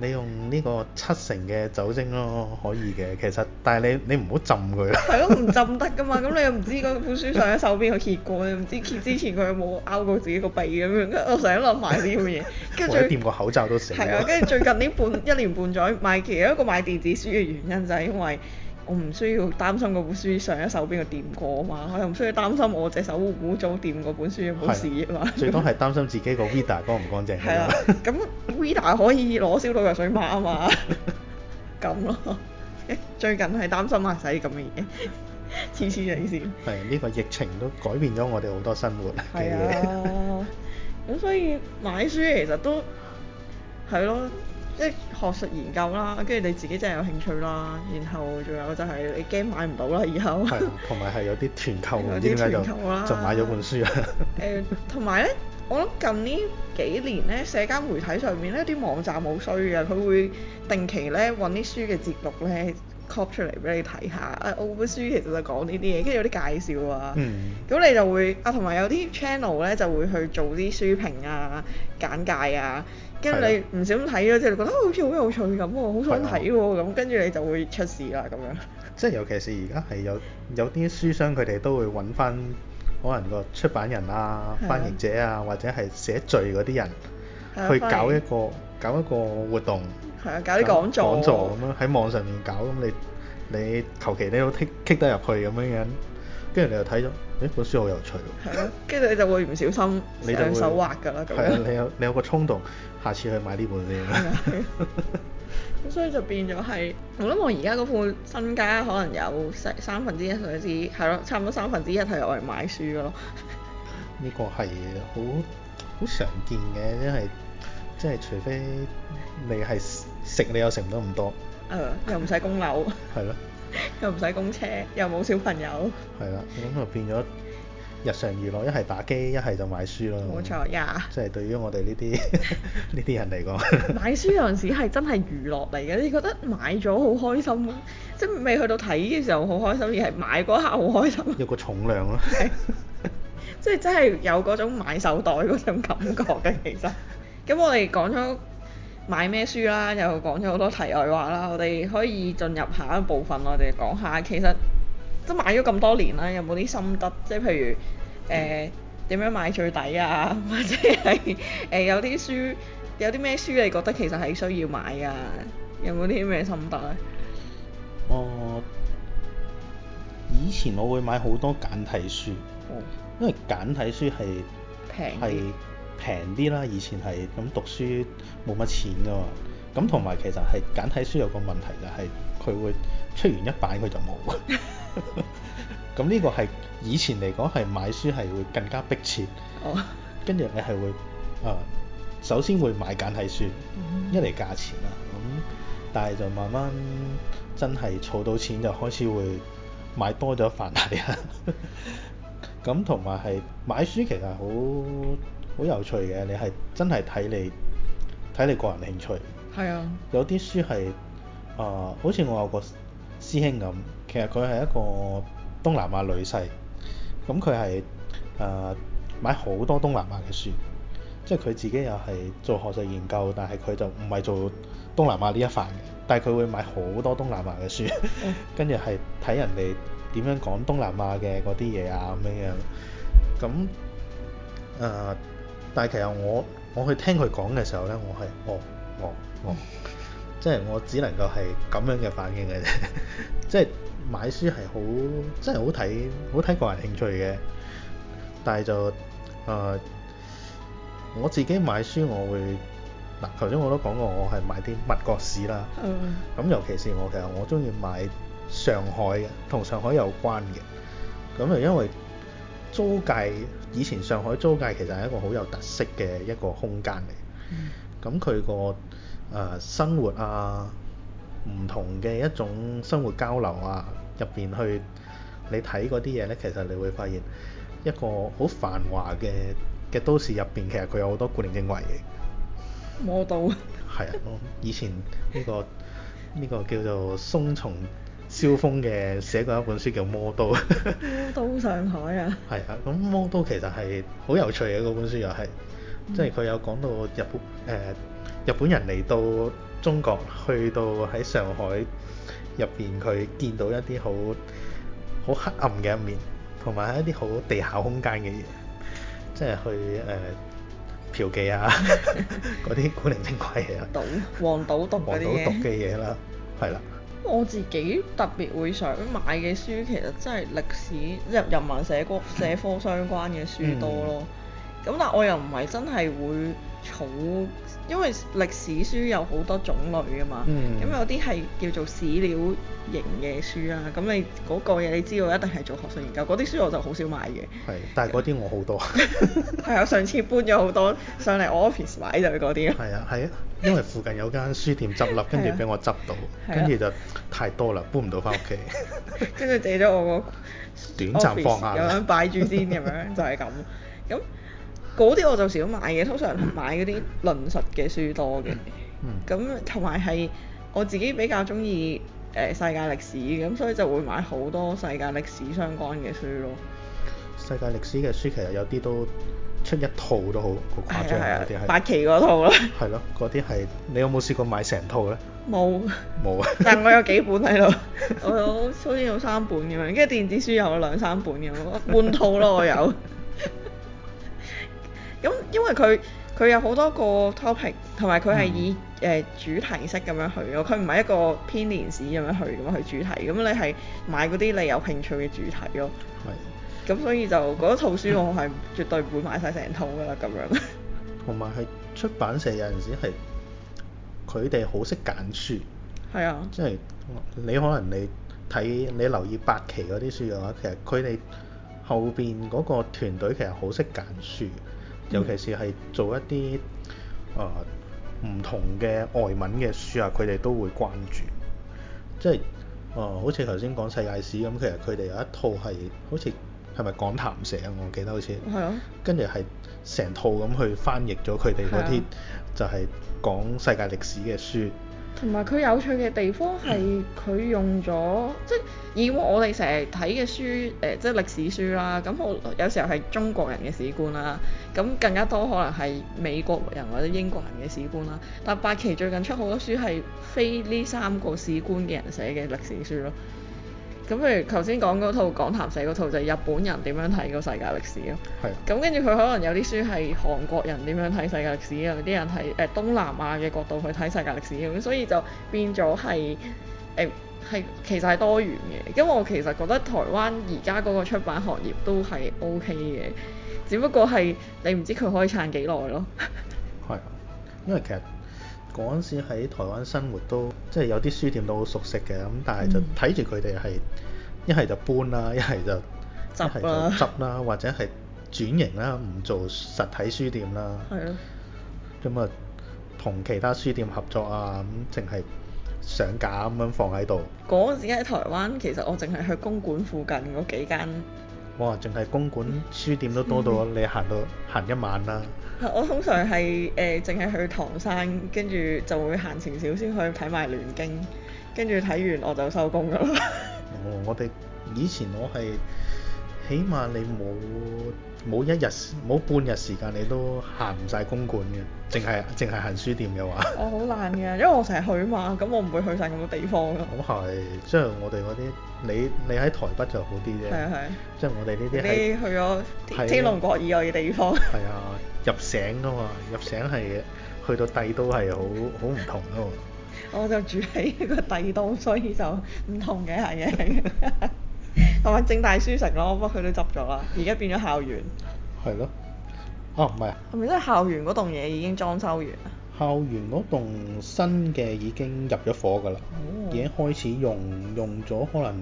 Speaker 2: 你用呢個七成嘅酒精咯，可以嘅。其實，但係你你唔好浸佢。係
Speaker 1: 咯，唔浸得㗎嘛。咁 你又唔知嗰本書上喺手邊有揭過，你唔知揭之前佢有冇拗過自己個鼻咁樣。我成日都諗埋啲咁嘅嘢。我戴掂
Speaker 2: 個口罩都死。係啊，跟
Speaker 1: 住最近呢半一年半載買，其實有一個買電子書嘅原因就係因為。我唔需要擔心嗰本書上一手邊個掂過啊嘛，我又唔需要擔心我隻手污糟掂嗰本書有冇事啊嘛。 最多係
Speaker 2: 擔心自己個 vida 乾唔乾淨的。係啊，
Speaker 1: 咁 vida 可以攞消毒藥水抹
Speaker 2: 啊嘛，咁 咯。最近係擔心啊，使咁嘅嘢，黐線啊黐線。係呢、呢個疫情都改變咗我哋好多生活嘅嘢
Speaker 1: 的。咁 所以買書其實都係咯。即係學術研究啦，跟住你自己真係有興趣啦，然後仲有就係你驚買唔到啦，以
Speaker 2: 後。係， 同埋係有啲團購。有啲團購啦。就買咗本書啊。
Speaker 1: 誒，同埋咧，我諗近呢幾年咧，社交媒體上面咧，啲網站好衰嘅，佢會定期咧揾啲書嘅節錄咧。copy 出嚟俾你睇下，啊我本書其實就講呢啲嘢，跟住有啲介紹啊，咁、嗯、你就會啊，同埋有啲 channel 咧就會去做啲書評啊、簡介啊，跟住你唔小心睇咗之後覺得、啊、好似好有趣咁，好想睇
Speaker 2: 喎、啊，咁跟住你就會出事啦咁樣。即係尤其是而家係有有啲書商佢哋都會搵返可能個出版人啊，啊翻譯者啊或者係寫序嗰啲人、啊、去搞一個、啊、搞一個活動。
Speaker 1: 係啊，搞啲講座講講座，咁
Speaker 2: 樣喺網上面搞，咁你你求其你都踢踢得入去咁樣樣，跟住你又睇咗，誒本書好有趣。係咯，
Speaker 1: 跟住你就會唔小心畫你兩手滑㗎啦，咁樣。係啊，你有
Speaker 2: 你有個衝動，下次去買呢本先。 咁
Speaker 1: 所以就變咗係，我諗我而家嗰副身家可能有三分之一甚至係咯，差唔多三分之一係我嚟買書㗎咯。
Speaker 2: 呢 個係好好常見嘅，因為即係除非你係。食你又食唔到咁多、嗯，
Speaker 1: 誒又唔使供樓，
Speaker 2: 係咯，
Speaker 1: 又唔使供車，又冇小朋友，
Speaker 2: 係啦， 咁就變咗日常娛樂一係打機，一係就買書咯，冇錯呀，即係對於我哋呢啲呢啲人嚟講，
Speaker 1: 買書嗰陣時係真係娛樂嚟嘅，你覺得買咗好開心、啊，即係未去到睇嘅時候好開心，而係
Speaker 2: 買嗰刻好開心、啊，有個重量
Speaker 1: 咯、啊， 即係真係有嗰種買手袋嗰種感覺嘅，其實，咁 我哋講咗。買咩書啦，又講咗好多題外話啦。我哋可以進入下一部分，我哋講下其實都係買咗咁多年啦，有冇啲心得？即係譬如誒、呃、點樣買最抵啊，或者係誒、呃、有啲書有啲咩書你覺得其實係需要買啊？有冇啲咩心得
Speaker 2: 啊？我、呃、以前我會買好多簡體書，因為簡體書係平。哦平啲啦，以前係咁讀書冇乜錢噶嘛，咁同埋其實係簡體書有個問題就係佢會出完一版佢就冇，咁呢 個係以前嚟講係買書係會更加迫切，跟住、oh. 你係會啊，首先會買簡體書，mm hmm. 一嚟價錢啊。咁但係就慢慢真係儲到錢就開始會買多咗繁體啊，咁同埋係買書其實好。好有趣嘅，你係真係睇你睇你個人興趣。
Speaker 1: 係啊 Yeah.，
Speaker 2: 有啲書係啊，好似我有個師兄咁，其實佢係一個東南亞女婿，咁佢係誒買好多東南亞嘅書，即係佢自己又係做學術研究，但係佢就唔係做東南亞呢一範嘅，但係佢會買好多東南亞嘅書，跟住係睇人哋點樣講東南亞嘅嗰啲嘢啊咁樣，咁誒。但係其實我我去聽佢講嘅時候咧，我係哦哦哦，哦哦 即係我只能夠係咁樣嘅反應嘅啫。即係買書係好，即係好睇，好睇個人興趣嘅。但係就誒、呃，我自己買書我會嗱，頭先我都講過，我係買啲物國史啦。嗯。咁尤其是我其實我中意買上海嘅同上海有關嘅。咁就，因為租界。以前上海租界其實係一個好有特色嘅一個空間嚟，咁佢個誒生活啊，唔同嘅一種生活交流啊，入邊去你睇嗰啲嘢呢，其實你會發現一個好繁華嘅嘅都市入邊，其實佢有好多古靈精怪嘅。
Speaker 1: 魔都摸到。
Speaker 2: 係 啊，以前呢、呢個呢、呢個叫做松松。蕭峰嘅寫過一本書叫《魔都》，《魔
Speaker 1: 都上海》啊
Speaker 2: 啊。係啊，咁《魔都》其實係好有趣嘅嗰本書，又係、嗯、即係佢有講到日本誒、呃、日本人嚟到中國，去到喺上海入邊，佢見到一啲好好黑暗嘅一面，同埋一啲好地下空間嘅嘢，即係去誒、呃、嫖妓啊嗰啲 古靈精怪嘢啊。賭、 黃賭、啊、毒嗰啲嘅嘢啦，係啦。
Speaker 1: 我自己特別會想買嘅書，其實真係歷史即係人文社科、社 科相關嘅書多咯。咁但我又唔係真係會儲。因為歷史書有好多種類啊嘛，咁、嗯、有啲係叫做史料型嘅書啊，咁你嗰個嘢你知道一定係做學術研究，嗰啲書我就好少買嘅。
Speaker 2: 係，但係嗰啲我好多。
Speaker 1: 係啊，上次
Speaker 2: 搬咗好多上嚟 office 買咗嗰啲。係 啊，係啊，因為附近有間書店執笠，跟住俾我執到，跟住、 啊、就太多啦，搬唔到返屋企。
Speaker 1: 跟 住 借咗我個。
Speaker 2: 短暫放下啦，
Speaker 1: 擺住先咁樣，就係咁。咁。嗰啲我就少買嘅，通常買嗰啲論述嘅書多嘅。咁同埋係我自己比較中意誒世界歷史，咁所以就會買好多世界歷史相關嘅書咯。
Speaker 2: 世界歷史嘅書其實有啲都出一套都好好誇張嗰啲係。八旗嗰套咯。係咯、啊，嗰啲係你有冇試過買成套咧？冇。冇啊！但係我有幾
Speaker 1: 本喺度，我有好似有三本咁樣，跟住 電子書有兩三本咁咯，半套咯我有。 咁因為佢佢有好多個 topic，同埋佢係以誒、呃、主題式咁樣去咯。佢唔係一個編年史咁樣去咁樣去主題。咁你係買嗰啲你有興趣嘅主題咯。
Speaker 2: 係的。
Speaker 1: 咁、嗯、所以就嗰一套書，我係絕對唔會買晒成套噶啦
Speaker 2: 咁樣。同埋係出版社有陣時係佢哋好識揀書。係啊的。即係你可能你睇你留意八旗嗰啲書嘅話，其實佢哋後邊嗰個團隊其實好識揀書。尤其是係做一啲誒唔同嘅外文嘅書啊，佢哋都會關注，即係誒、呃，好似頭先講世界史咁，其實佢哋有一套係好似係咪講談社啊？我記得好似係啊，嗯、跟住係成套咁去翻譯咗佢哋嗰啲，嗯、就係講世界歷史嘅書。
Speaker 1: 同埋佢有趣嘅地方係佢用咗的、呃，即係以往我哋成日睇嘅書，誒，即係歷史書啦。咁我有時候係中國人嘅史觀啦，咁更加多可能係美國人或者英國人嘅史觀啦。但八旗最近出好多書係非呢三個史觀嘅人寫嘅歷史書咯。咁譬如頭先講嗰套《講談社》嗰套就係日本人點樣睇個世界歷史咯，咁係，跟住佢可能有啲書係韓國人點樣睇世界歷史啊，有啲人係誒，東南亞嘅角度去睇世界歷史咁，所以就變咗係，誒，係其實係多元嘅。因為我其實覺得台灣而家嗰個出版行業都係 O K 嘅，只不過係你唔知佢可以撐幾耐咯。
Speaker 2: 係，因為其實。嗰陣時喺台灣生活都即係有啲書店都好熟悉嘅，咁但係就睇住佢哋係一係就搬啦，一係就執啦，執啦，或者係轉型啦，唔做實體書店啦。係咯、嗯。咁啊，同其他書店合作啊，咁淨係上架咁樣放喺度。
Speaker 1: 嗰陣時喺台灣，其實我淨係去公館附近嗰幾間。
Speaker 2: 哇！淨係公館書店都多、嗯、到，你行到行一晚啦。
Speaker 1: 我通常係誒淨係去唐山，跟住就會行前少少去睇埋《聯經》，跟住睇完我就收工㗎啦。
Speaker 2: 哦，我哋以前我係。起碼你冇冇一日冇半日時間，你都行唔晒公館嘅，淨係淨係行書店嘅話。 我好難嘅，因為我成日去啊嘛，咁我唔會去晒咁多地方嘅。咁係、 哦，即係、就是、我哋嗰啲，你你喺台北就好啲啫。係啊係。即係、啊、我哋呢啲係
Speaker 1: 去咗天龍國以外嘅地方。
Speaker 2: 係啊，入城啊嘛，入城係去到帝都係好好唔同啊嘛。
Speaker 1: 我就住喺個帝都，所以就唔同嘅係嘅。 同埋政大書城咯，不過佢都執咗啦，而家變咗校園。
Speaker 2: 係咯。哦，唔
Speaker 1: 係啊。係咪即係校園嗰棟嘢已經裝修完
Speaker 2: 啊？校園嗰棟新嘅已經入咗夥㗎啦，哦、已經開始用用咗可能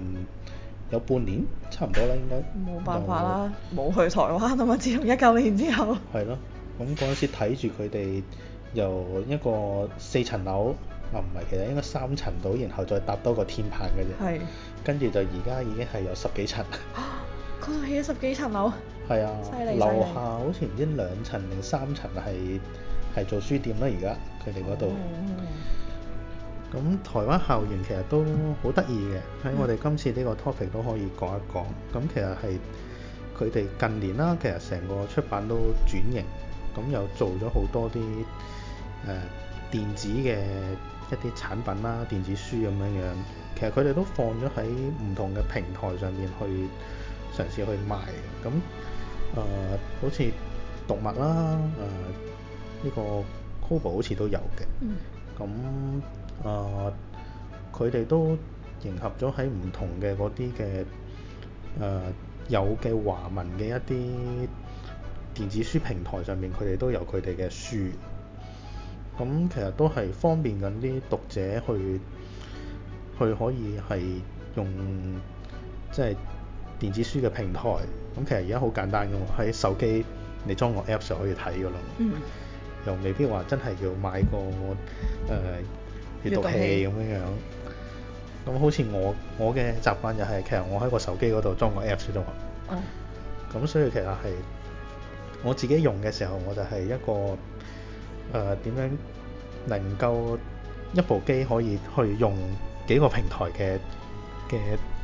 Speaker 2: 有半年，差唔多啦應該。
Speaker 1: 冇辦法啦，
Speaker 2: 冇後去台灣，同埋自從一九年之後。係咯，咁嗰陣時睇住佢哋由一個四層樓，啊唔係，其實應該三層到，然後再搭多個天棚嘅啫。係。跟住就而家已經係有十幾層，
Speaker 1: 嗰度起咗十幾層樓。
Speaker 2: 係啊，樓害下好似唔知兩層定三層，係係做書店啦。而家佢哋嗰度，咁、哦嗯、台灣校園其實都好得意嘅，喺我哋今次呢個 topic 都可以講一講。咁、嗯、其實係佢哋近年啦，其實成個出版都轉型，咁又做咗好多啲誒、呃、電子嘅。一啲產品啦、電子書咁樣樣，其實佢哋都放咗喺唔同嘅平台上面去嘗試去賣。咁誒，好似讀物啦，誒、呃、呢、這個 Kobo 好似都有嘅。咁誒、嗯，佢哋、嗯呃、都迎合咗喺唔同嘅嗰啲嘅誒有嘅華文嘅一啲電子書平台上面，佢哋都有佢哋嘅書。咁其實都係方便緊啲讀者去，去可以係用即係、就是、電子書嘅平台。咁其實而家好簡單㗎喎，喺手機你裝個 Apps 就可以睇㗎喇。嗯。又未必話真係要買個誒閱、呃、讀器咁樣樣。咁好似我我嘅習慣就係、是，其實我喺個手機嗰度裝個 Apps 啫嘛。嗯。咁所以其實係我自己用嘅時候，我就係一個。誒點、呃、樣能夠一部機可以去用幾個平台嘅嘅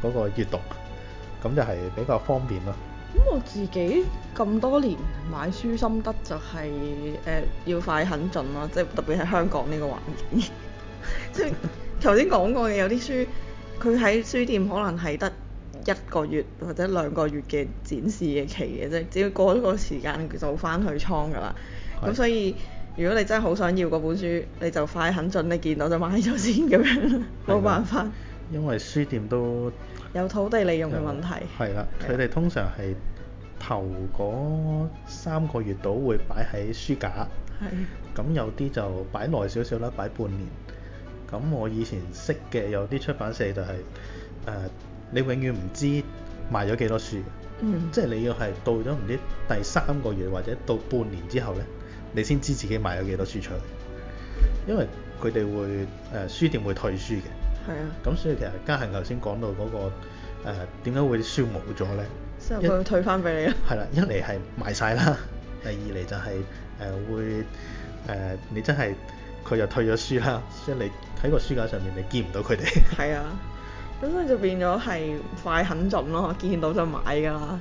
Speaker 2: 嗰個閱讀，咁就係比較方便咯。咁、
Speaker 1: 嗯、我自己咁多年買書心得就係、是、誒、呃、要快狠準啦，即係特別喺香港呢個環境。即係頭先講過嘅，有啲書佢喺書店可能係得一個月或者兩個月嘅展示嘅期嘅啫，只要過咗個時間就翻去倉㗎啦。咁是所以。如果你真係好想要嗰本書，你就快肯準，你見到就買咗先
Speaker 2: 咁樣，冇的辦法。因為書店都有土地利用嘅問題。係啦，佢哋的通常係頭嗰三個月度會擺喺書架，咁的有啲就擺耐少少啦，擺半年。咁我以前識嘅有啲出版社就係、是、誒、呃，你永遠唔知賣咗幾多書，嗯、即係你要係到咗唔知第三個月或者到半年之後呢。你先知自己賣咗幾多書出嚟，因為佢哋會誒、呃、書店會退書嘅。係啊，咁所以其實嘉恆頭先講到嗰、那個誒點解會消冇咗咧？即
Speaker 1: 係佢退翻俾你啦。
Speaker 2: 係啦，一嚟係賣晒啦，第二嚟就係、是、誒、呃、會誒、呃、你真係佢又退咗書啦，所以你喺個書架上面你見唔到佢哋。係啊，
Speaker 1: 咁所以就變咗係快狠準咯，見到就買㗎啦。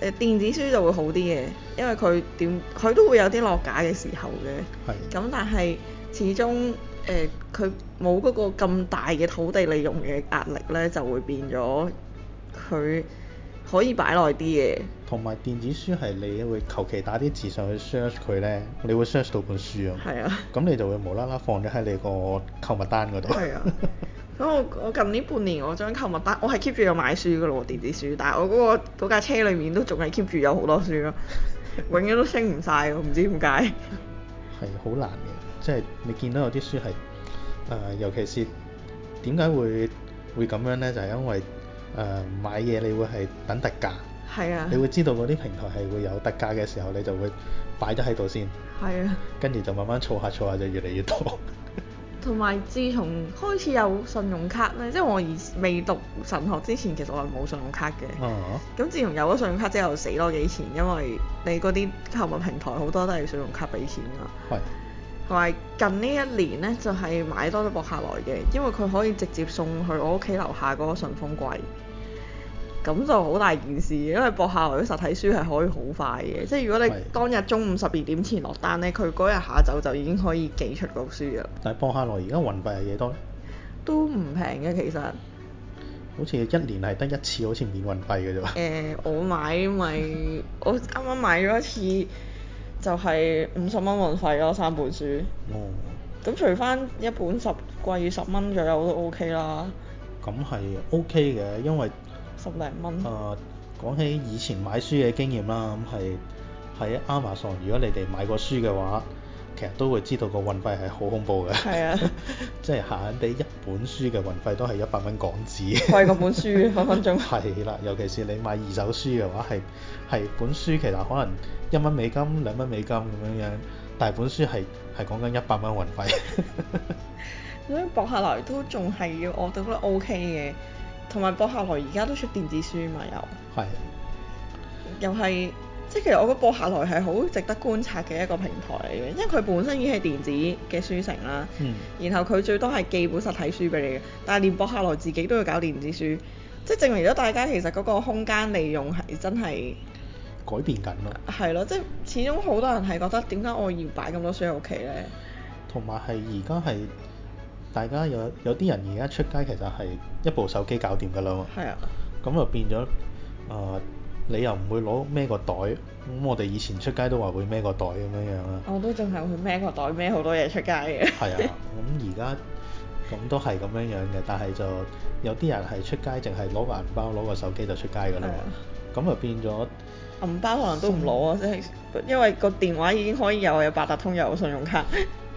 Speaker 1: 誒電子書就會好啲嘅，因為佢點佢都會有啲落架嘅時候嘅，咁的但係始終誒佢冇嗰個咁大嘅土地利用嘅壓力咧，就會變咗佢
Speaker 2: 可以擺耐啲嘢。同埋電子書係你會求其打啲字上去 search 佢咧，你會 search 到本書啊，咁的你就會無啦啦放咗喺你個購物單嗰度。的
Speaker 1: 咁我我近年半年我張購物單，我係 keep 住有買書㗎咯喎，電子書，但係我嗰、那個、架車裏面都仲係 keep 住有好多書咯， 永遠都升唔晒。我唔知
Speaker 2: 點解。 係好難嘅，即係你見到有啲書係誒、呃，尤其是點解會會咁樣咧？就係、是、因為誒、呃、買嘢你會係等特價，
Speaker 1: 係是啊，你會
Speaker 2: 知道嗰啲平台係會有特價嘅時候，你就會擺咗喺度先，係是啊，跟住就慢慢儲下儲下就越嚟越多。
Speaker 1: 同埋自從開始有信用卡呢，即係我仲未讀神學之前，其實我係冇信用卡嘅。咁、uh oh. 自從有咗信用卡之後，死多幾錢，因為你嗰啲購物平台好多都係信用卡俾錢㗎。同埋 近呢一年呢，就係、是、買多咗博客來嘅，因為佢可以直接送去我屋企樓下嗰個順豐櫃。咁就好大件事，因為博客來啲實體書係可以好快嘅，即係如果你當日中午十二點前落單咧，佢嗰日下晝就已經可以寄出個書啦。但
Speaker 2: 係博客來而家運費係幾多
Speaker 1: 咧？都唔平嘅其實。
Speaker 2: 好似一年係得一次好似免運費嘅啫喎。
Speaker 1: 誒，我買咪、就係、我啱啱買咗一次， 就係五十蚊運費咯，三本書。哦。咁除翻一本十貴十
Speaker 2: 蚊左右都 OK 啦。咁係 OK 嘅，因為。十零蚊。誒、呃，講起以前買書嘅經驗啦，咁、嗯、係喺 Amazon，如果你哋買過書嘅話，其實都會知道個運費係好恐怖嘅。係啊。即係閒閒哋一本書嘅運費都係 一百蚊港紙。貴過本書分分鐘。係 啦，尤其是你買二手書嘅話，係係本書其實可能一蚊美金、兩蚊美金咁樣樣，但係本書係係講緊一百蚊運費。
Speaker 1: 咁樣博下來都仲係要，我都覺得 OK 嘅。同埋博客來而家都出電子書嘛？的又又係即係其實我覺得博客來係好值得觀察嘅一個平台嚟嘅，因為佢本身已經係電子嘅書城啦。嗯。然後佢最多係寄本實體書俾你嘅，但係連博客來自己都要搞電子書，即係證明咗大家其實嗰個空間利用係真係
Speaker 2: 改變緊咯。
Speaker 1: 係咯，即係始終好多人係覺得
Speaker 2: 點解我要擺咁多書喺屋企呢？同埋係而家係。大家有有，啲人而家出街其實係一部手機搞掂㗎啦嘛，係啊，咁就變咗誒，你又唔會攞咩個袋，咁我哋以前出街都話會孭個袋咁樣樣啦。
Speaker 1: 我都仲係會孭個袋，孭好多嘢出街嘅。係
Speaker 2: 啊，咁而家咁都係咁樣樣嘅，但係就有啲人係出街淨係攞銀包、攞個手機就出街㗎啦嘛。咁就變咗銀包可能都唔攞啊，即係因為個電話已經
Speaker 1: 可以有有，八達通、有信用卡。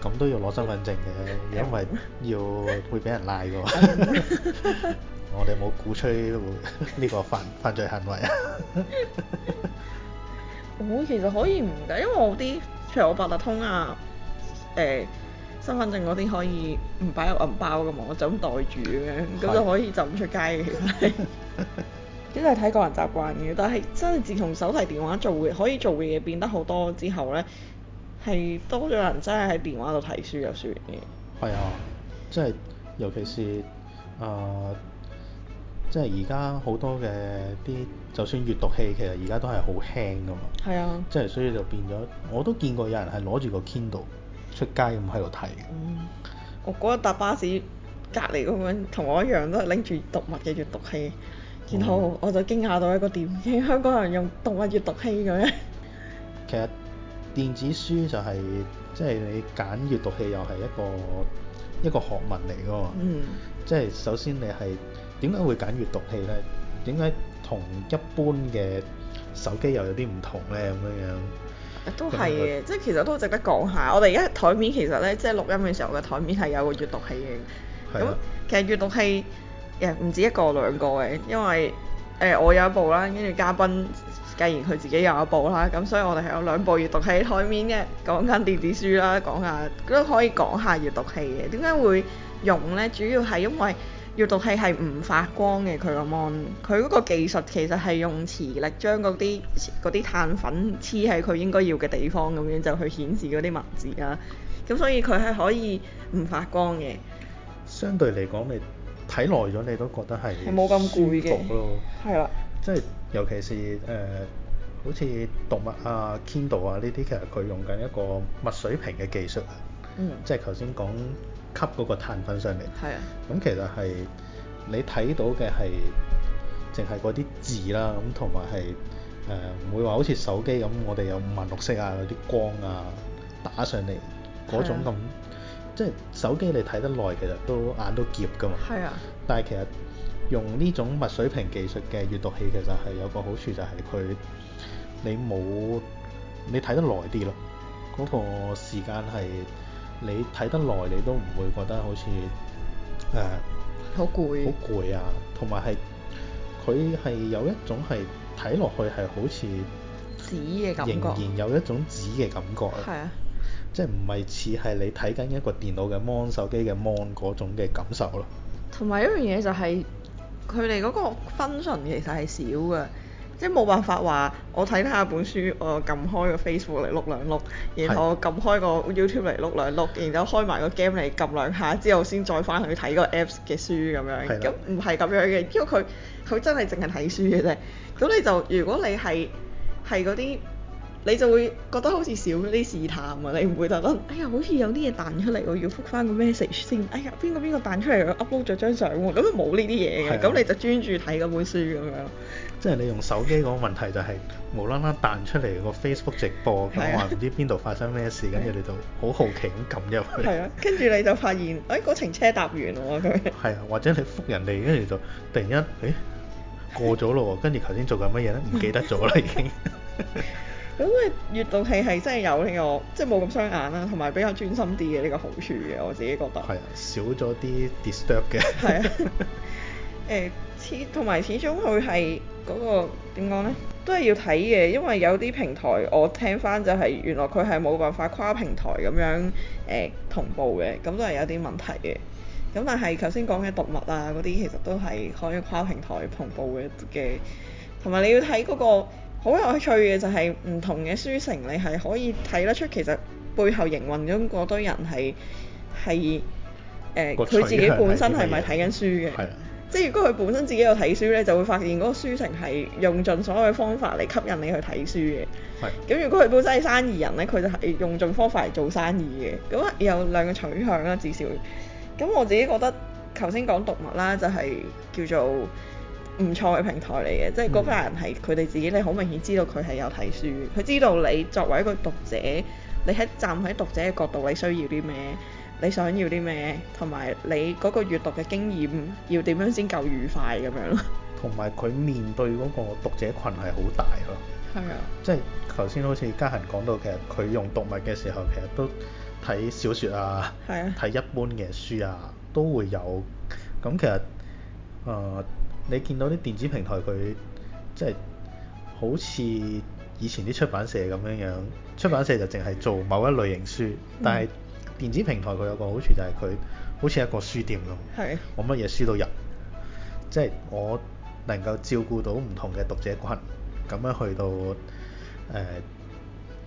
Speaker 2: 咁都要攞身份證嘅，因為要會俾人賴㗎。 我哋冇鼓吹呢個犯犯罪行為。
Speaker 1: 我其實可以唔㗎，因為我啲，譬如我八達通啊，誒、呃，身份證嗰啲可以唔擺入銀包㗎嘛，我就咁袋住咁樣，咁是就可以就咁出街嘅。 其實，啲都係睇個人習慣嘅，但係真係自從手提電話做嘅可以做嘅嘢變得好多之後咧。係多咗人真係喺電話度睇書有書
Speaker 2: 完嘅。係啊，即係尤其是誒、呃，即係而家好多嘅啲，就算閱讀器其實而家都係好輕㗎嘛。係啊，即係所以就變咗，我都見過有人係攞住個 Kindle 出街咁喺度睇。嗯，
Speaker 1: 我嗰搭巴士隔離咁樣，同我一樣都係拎住讀物嘅閱讀器，然後、嗯、我就驚嚇到
Speaker 2: 一個點，點解香港人用讀物閱讀器咁樣？其實。電子書就係、是、即係你揀閱讀器又係一個一個學問嚟㗎嘛，嗯、即係首先你係點解會揀閱讀器咧？點解同一般嘅手機又有啲唔同咧？咁樣樣，
Speaker 1: 都係是嘅我，即係其實都值得講下。我哋而家台面其實咧，即係錄音嘅時候嘅台面係有個閱讀器嘅。
Speaker 2: 咁
Speaker 1: 的其實閱讀器誒唔止一個兩個嘅，因為誒、呃、我有一部啦，跟住嘉賓。既然佢自己有一部啦，咁所以我哋係有兩部閲讀器喺台面嘅，講緊電子書啦，講下都可以講下閲讀器嘅。點解會用呢？主要係因為閲讀器係唔發光嘅，佢個螢，佢嗰個技術其實係用磁力將嗰啲嗰啲碳粉黐喺佢應該要嘅地方，咁樣就去顯示嗰啲文字啊。咁所以佢係可以唔發光嘅。
Speaker 2: 相對嚟講，你睇耐咗你都覺得係冇咁攰嘅，係啦。即係尤其是誒、呃，好似讀物啊、Kindle 啊呢啲，其實佢用緊一個墨水屏嘅技術，嗯，即係頭先講吸嗰個碳粉上嚟，係、嗯呃、啊，咁其實係你睇到嘅係淨係嗰啲字啦，咁同埋係誒唔會話好似手機咁，我哋有五顏六色啊有啲光啊打上嚟嗰種咁，即係手機你睇得耐其實都，都眼都澀㗎嘛，係啊、嗯，但係其實。用呢種墨水屏技術嘅閱讀器，其實係有個好處就，就係佢你冇你睇得耐啲咯。嗰、嗰個時間係你睇得耐，你，你都唔會覺得好似誒好攰，好、呃、攰累啊！同埋係佢係有一種係睇落去係好似
Speaker 1: 紙嘅感覺，仍然
Speaker 2: 有一種紙嘅感覺，係啊，的即係唔係似係你睇緊一個電腦嘅芒，手機嘅芒 o 嗰種嘅感受咯。
Speaker 1: 同埋一樣嘢就係、係。佢哋嗰個 function 其實係少嘅，即係冇辦法話我睇睇下本書，我撳開個 Facebook 嚟碌兩碌，然後我撳開個 YouTube 嚟碌兩碌，然後開埋個 game 嚟撳兩下之後先再翻去睇個 Apps 嘅書咁樣，咁唔係咁樣嘅，因為佢佢真係淨係睇書嘅啫。咁你就如果你係係嗰啲。你就會覺得好似少咗啲試探啊，你唔會特登，哎呀，好似有啲嘢彈出嚟喎，我要覆返個 message 先。哎呀，邊個邊個彈出嚟 up 啊？upload 咗張相喎，咁冇呢啲嘢嘅，咁你就專注睇嗰本書咁樣。
Speaker 2: 即係你用手機嗰個問題就係、是、無啦啦彈出嚟個 Facebook 直播咁話，唔知邊度發生咩事，跟住你就好好奇咁撳入去。係啊，
Speaker 1: 跟住你就發現，哎，嗰程車搭完
Speaker 2: 喎咁樣。係啊，或者你覆人哋，跟住就突然間，哎，過咗咯喎，跟住頭先做緊乜嘢咧？唔記得咗啦已經。
Speaker 1: 咁誒，閲讀器係真係有令我即係冇咁傷眼啦，同埋比較專心啲嘅呢個好處嘅，我自己覺
Speaker 2: 得。係啊，少咗啲 disturb 嘅。係。
Speaker 1: 誒， 始同埋始終佢係嗰個點講咧，都係要睇嘅，因為有啲平台我聽翻就係原來佢係冇辦法跨平台咁樣誒、欸、同步嘅，咁都係有啲問題嘅。咁但係頭先講嘅讀物啊嗰啲其實都係可以跨平台同步嘅嘅，同埋你要睇嗰、嗰個。好有趣嘅就係、是、唔同嘅書城，你係可以睇得出其實背後營運嗰堆人係係誒，佢、呃、自己本身係咪睇緊書嘅？ 即係如果佢本身自己有睇書呢，就會發現嗰個書城係用盡所有嘅方法嚟吸引你去睇書嘅。咁 如果佢本身係生意人呢，佢就係用盡方法嚟做生意嘅。咁有兩個取向啦，至少。咁我自己覺得頭先講讀物啦，就係、是、叫做。唔錯嘅平台嚟嘅，即係嗰班人係佢哋自己。你好明顯知道佢係有睇書，佢知道你作為一個讀者，你喺站喺讀者嘅角度，你需要啲咩？你想要啲咩？同埋你嗰個閱讀嘅經驗要點樣先夠愉快咁樣咯。
Speaker 2: 同埋佢面對嗰個讀者群係好大咯。係 啊。即係頭先好似嘉恆講到，其實佢用讀物嘅時候，其實都睇小説啊，係啊，睇一般嘅書啊，都會有。咁其實誒。呃你見到啲電子平台佢即係好似以前啲出版社咁樣樣，出版社就淨係做某一類型書，但係電子平台佢有個好處就係佢好似一個書店咁，我乜嘢書都入，即係我能夠照顧到唔同嘅讀者羣，咁樣去到誒、呃、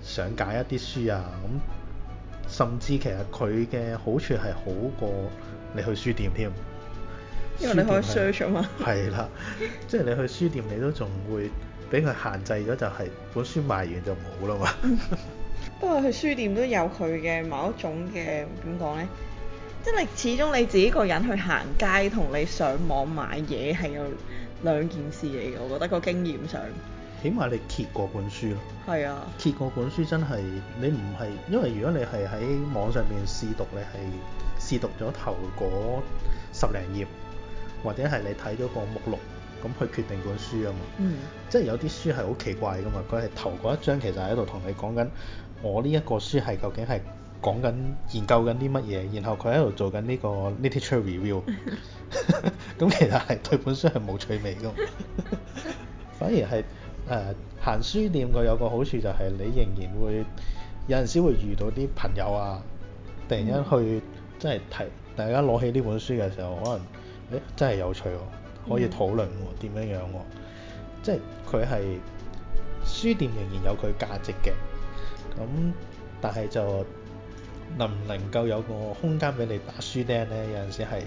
Speaker 2: 想揀一啲書啊，咁、嗯、甚至其實佢嘅好處係好過你去書店添。因為你可以 search 嘛，係啦，的 即係你去書店，你都仲會俾佢限制咗、就是，就係 本書賣完就冇啦嘛。
Speaker 1: 不過去書店都有佢嘅某一種嘅點講咧？即係你始終你自己個人去行街同你上網買嘢係有兩件事嚟嘅，我覺得個經驗
Speaker 2: 上。起碼你揭過本書咯。係啊。揭過本書真係你唔係，因為如果你係喺網上面試讀，你係試讀咗頭嗰十零頁。或者係你睇咗個目錄，咁去決定本書啊嘛。嗯。即係有啲書係好奇怪噶嘛，佢係頭嗰一章其實係喺度同你講緊，我呢一個書係究竟係講緊研究緊啲乜嘢，然後佢喺度做緊呢個 literature review。咁 其實係對本書係冇趣味噶。反而係誒、呃、行書店，佢有個好處就係你仍然會有陣時會遇到啲朋友啊，突然一去、嗯、即係提，大家攞起呢本書嘅時候，可能。誒真係有趣喎、哦，可以討論喎，點、嗯、樣樣、哦、喎？即係佢係書店仍然有佢價值嘅，咁、嗯、但係就能唔能夠有個空間俾你打書釘咧？有陣時係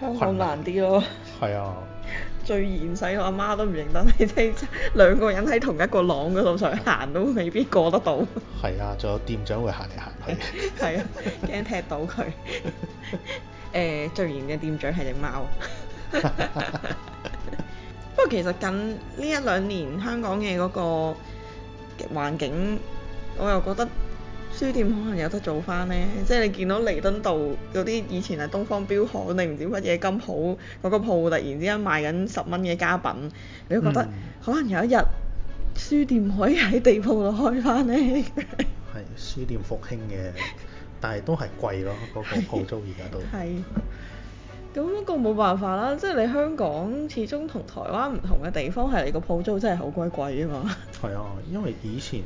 Speaker 1: 香港難
Speaker 2: 啲咯，係啊， 最賢細我阿媽都唔認得你，即係
Speaker 1: 兩個人喺同一個廊度上行都未必過得到，
Speaker 2: 係 啊，仲有店長會行嚟行
Speaker 1: 去，係 啊，驚踢到佢。誒最嚴嘅店長係隻貓，不過其實近呢一兩年 香港嘅嗰個環境，我又覺得書店可能有得做翻呢。即係你見到彌敦道嗰啲以前係東方標行定唔知乜嘢金鋪嗰個鋪，突然之間賣緊十蚊嘅家品，你都覺得、嗯、可能有一日書店可以喺地鋪度開翻呢。
Speaker 2: 係 書店復興嘅。 但係都係貴咯，個、 個鋪租而家都
Speaker 1: 係。咁個冇辦法啦，即係你香港始終同台灣唔同嘅地方係你個鋪租真係好鬼貴啊嘛。
Speaker 2: 係啊， 因為以前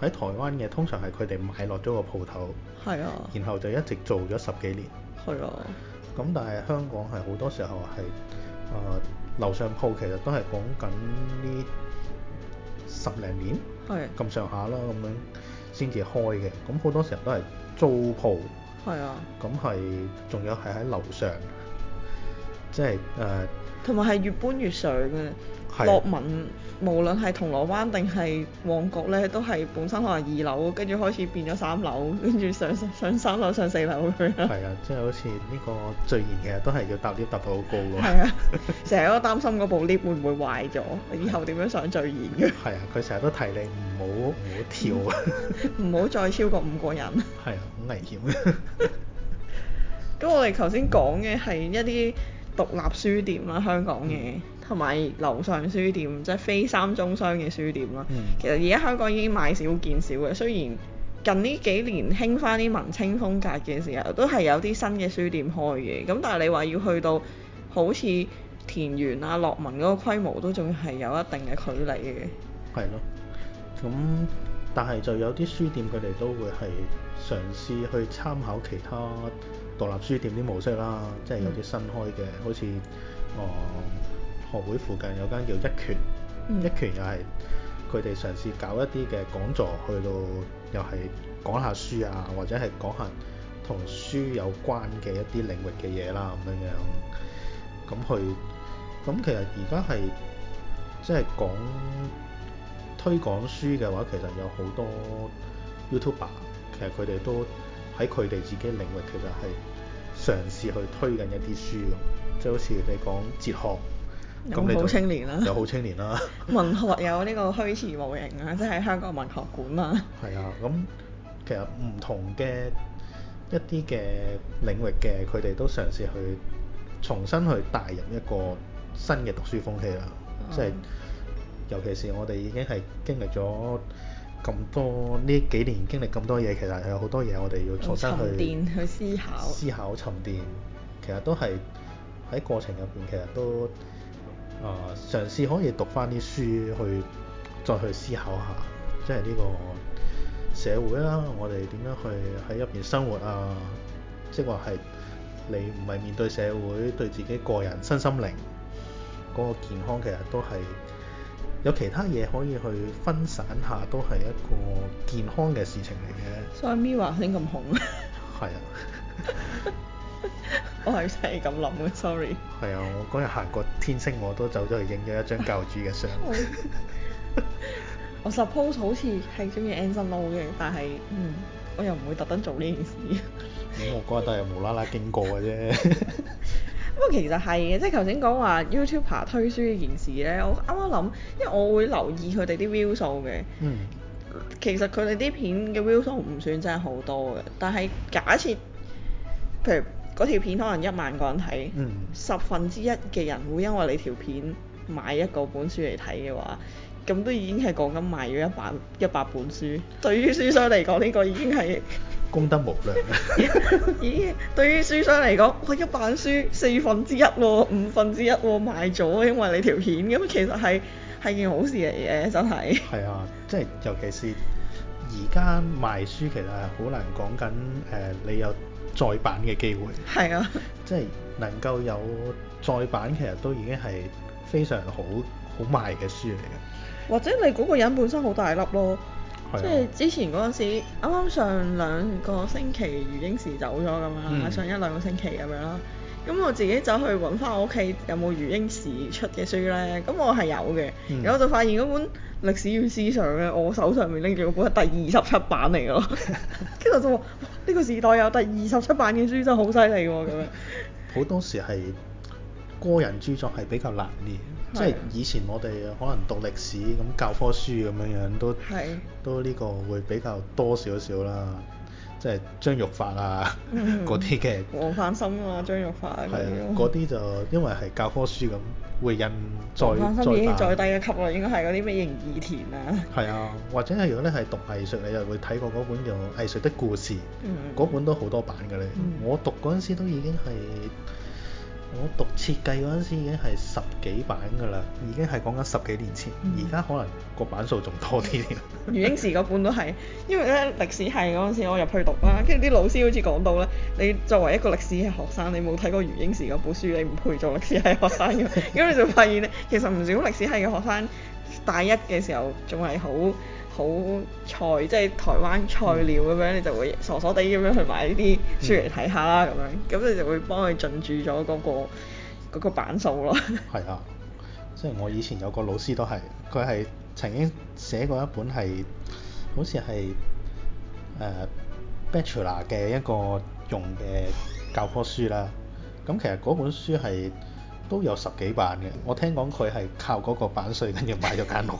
Speaker 2: 喺台灣嘅通常係佢哋買落咗個鋪頭，係啊的，然後就一直做咗十幾年，係啊的。咁、嗯、但係香港係好多時候係啊、呃、樓上鋪其實都係講緊呢十零年，係咁上下啦，咁樣先至開嘅。咁好多時候都係。租鋪係啊，咁係仲有係喺樓上，即係誒。呃同埋係越搬越上嘅，樂文
Speaker 1: 無論係銅鑼灣定係旺角咧，都係本身可能二樓，跟住開始變咗三樓，跟住上上三樓上四樓咁
Speaker 2: 啦。係啊，即係好似呢個序言嘅都係要搭 lift 搭到好高
Speaker 1: 喎。係啊，成日都擔心嗰部 lift 會唔會壞咗，啊、以後點樣上
Speaker 2: 序言嘅？係啊，佢成日都提你唔好唔好跳啊，
Speaker 1: 唔 好 再超過五個
Speaker 2: 人。係啊，好危險
Speaker 1: 嘅。咁 我哋頭先講嘅係一啲。獨立書店啦，香港嘅，同埋樓上書店，即係非三中商嘅書店啦。嗯、其實而家香港已經買少見少嘅，雖然近呢幾年興翻啲文青風格嘅時候，都係有啲新嘅書店開嘅。咁但係你話要去到好似田園啊、樂文嗰個規模，都仲係有一定嘅距
Speaker 2: 離嘅。係咯，咁但係就有啲書店佢哋都會係嘗試去參考其他。獨立書店啲模式啦，即係有啲新開嘅，嗯、好似哦、呃、學會附近有間叫一拳，嗯、一拳又係佢哋嘗試搞一啲嘅講座，去到又係講下書啊，或者係講下同書有關嘅一啲領域嘅嘢啦，咁樣樣咁去，咁其實而家係即係講推廣書嘅話，其實有好多 YouTuber 其實佢哋都。喺佢哋自己領域，其實係嘗試去推緊一啲書咯，即、就、係、是、好似你講哲學，
Speaker 1: 咁你啦，有好
Speaker 2: 青年啦，年
Speaker 1: 文學有呢個虛詞無形，啊，即係喺香港文學館啊。
Speaker 2: 係啊，咁其實唔同嘅一啲嘅領域嘅，佢哋都嘗試去重新去帶入一個新嘅讀書風氣啦，嗯、即係尤其是我哋已經係經歷咗。咁多呢幾年經歷咁多嘢，其實係有好多嘢我哋要重新去思考、沉澱。其實都係喺過程入邊，其實都啊嘗試可以讀翻啲書去再去思考下，即係呢個社會啦，我哋點樣去喺入邊生活啊？即係話係你唔係面對社會，對自己個人身心靈嗰個健康，其實都係。有其他嘢可以去分散下，都係一個健康嘅事情嚟嘅。
Speaker 1: 所以咪話先咁紅。
Speaker 2: 係啊，我係真係咁諗嘅，sorry。係啊，我嗰日行過天星，我都走咗去影咗一張教主嘅相。
Speaker 1: 我 suppose 好似係中意 Anson Lo 嘅，但係嗯，我又唔會特登做呢件事。
Speaker 2: 咁、 嗯、我嗰日就無啦啦經過嘅啫。
Speaker 1: 不過其實係嘅，即係頭先講話 YouTuber 推書呢件事呢，我啱啱諗，因為我會留意佢哋啲 view 數嘅。嗯。其實佢哋啲片嘅 view 數唔算真係好多嘅，但係假設譬如嗰條片可能一萬個人睇，嗯、十分之一嘅人會因為你條片買一個本書嚟睇嘅話，咁都已經係講緊賣咗一百一百本書。對於書商嚟講，呢、呢個已經係。
Speaker 2: 功德無量。
Speaker 1: 咦，對於書商嚟講，哇，一版書四分之一喎，五分之一喎賣咗，因為你條片咁，其實係係件好事嚟
Speaker 2: 嘅，真係。係啊，即係尤其是而家賣書，其實係好難講緊誒，你有再版嘅機會。係啊，即係能夠有再版，其實都已經係非常好好賣嘅書嚟嘅。
Speaker 1: 或者你嗰個人本身好大粒咯。即係之前嗰陣時，啱啱上兩個星期余英時走咗咁樣，上一兩個星期咁樣啦。咁我自己走去揾翻我屋企有冇余英時出嘅書呢？咁我係有嘅。嗯、然後就發現嗰本《歷史與思想》呢，我手上面拎住嗰本係第二十七版嚟㗎。跟住我就話，呢、這個時代有第二十七版嘅書真係好犀利㗎。咁樣。
Speaker 2: 好多 時係。個人著作係比較難啲，即係以前我哋可能讀歷史咁教科書咁樣樣，是都都呢個會比較多少少啦。即係張玉法啊嗰啲嘅。
Speaker 1: 黃反 的心啊，張玉法啊。嗰啲
Speaker 2: 就因為係教科書咁，會印再再版。已經低嘅級啦，應該係嗰啲咩邢義田啊。係 啊，或者係如果你係讀藝術，你就會睇過嗰本叫《藝術的故事》，嗰 本都好多版嘅咧。 我讀嗰陣時都已經係。我讀設計嗰陣時已經係十幾版㗎啦，已經係講緊十幾年前，而家、嗯、可能個版數仲多啲添。
Speaker 1: 余英時嗰本都係，因為咧歷史係嗰陣時我入去讀啦，跟住啲老師好似講到咧，你作為一個歷史係學生，你冇睇過余英時嗰本書，你唔配做歷史係學生嘅。咁 你就發現咧，其實唔少歷史系嘅學生大一嘅時候仲係好。好菜，即係台灣菜鳥咁樣，嗯、你就會傻傻地咁樣去買呢啲書嚟睇下啦，咁、嗯、樣咁你就會幫佢進駐咗嗰、嗰個嗰個版數咯、嗯。
Speaker 2: 係 啊，即係我以前有個老師都係，佢係曾經寫過一本係好似係誒 Bachelor 嘅一個用嘅教科書啦。咁其實嗰本書係。都有十幾版嘅，我聽講佢係靠嗰個版稅跟住買咗間屋。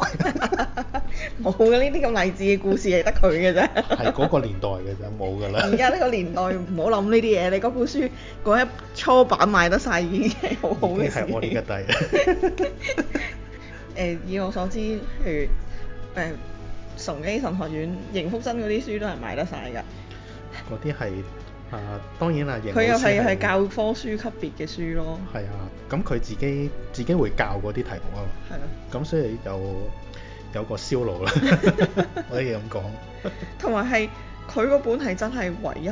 Speaker 1: 冇嘅， 呢啲咁勵志嘅故事係得佢嘅啫。
Speaker 2: 係 嗰個年代嘅啫，冇㗎啦。而家
Speaker 1: 呢個年代唔好諗呢啲嘢，你嗰本書嗰一初版賣得晒
Speaker 2: 已經好好嘅。係我哋嘅第。
Speaker 1: 誒，以我所知，譬如誒、呃、崇基神學院、邢福增嗰啲書都係賣得晒㗎。
Speaker 2: 嗰啲係。啊，當然啦，佢又係係教
Speaker 1: 科書級別嘅書咯。
Speaker 2: 係啊，咁佢自己自己會教嗰啲題目啊嘛。係啊，咁所以有有個銷路啦， 可以咁講。
Speaker 1: 同埋係佢嗰本係真係唯一，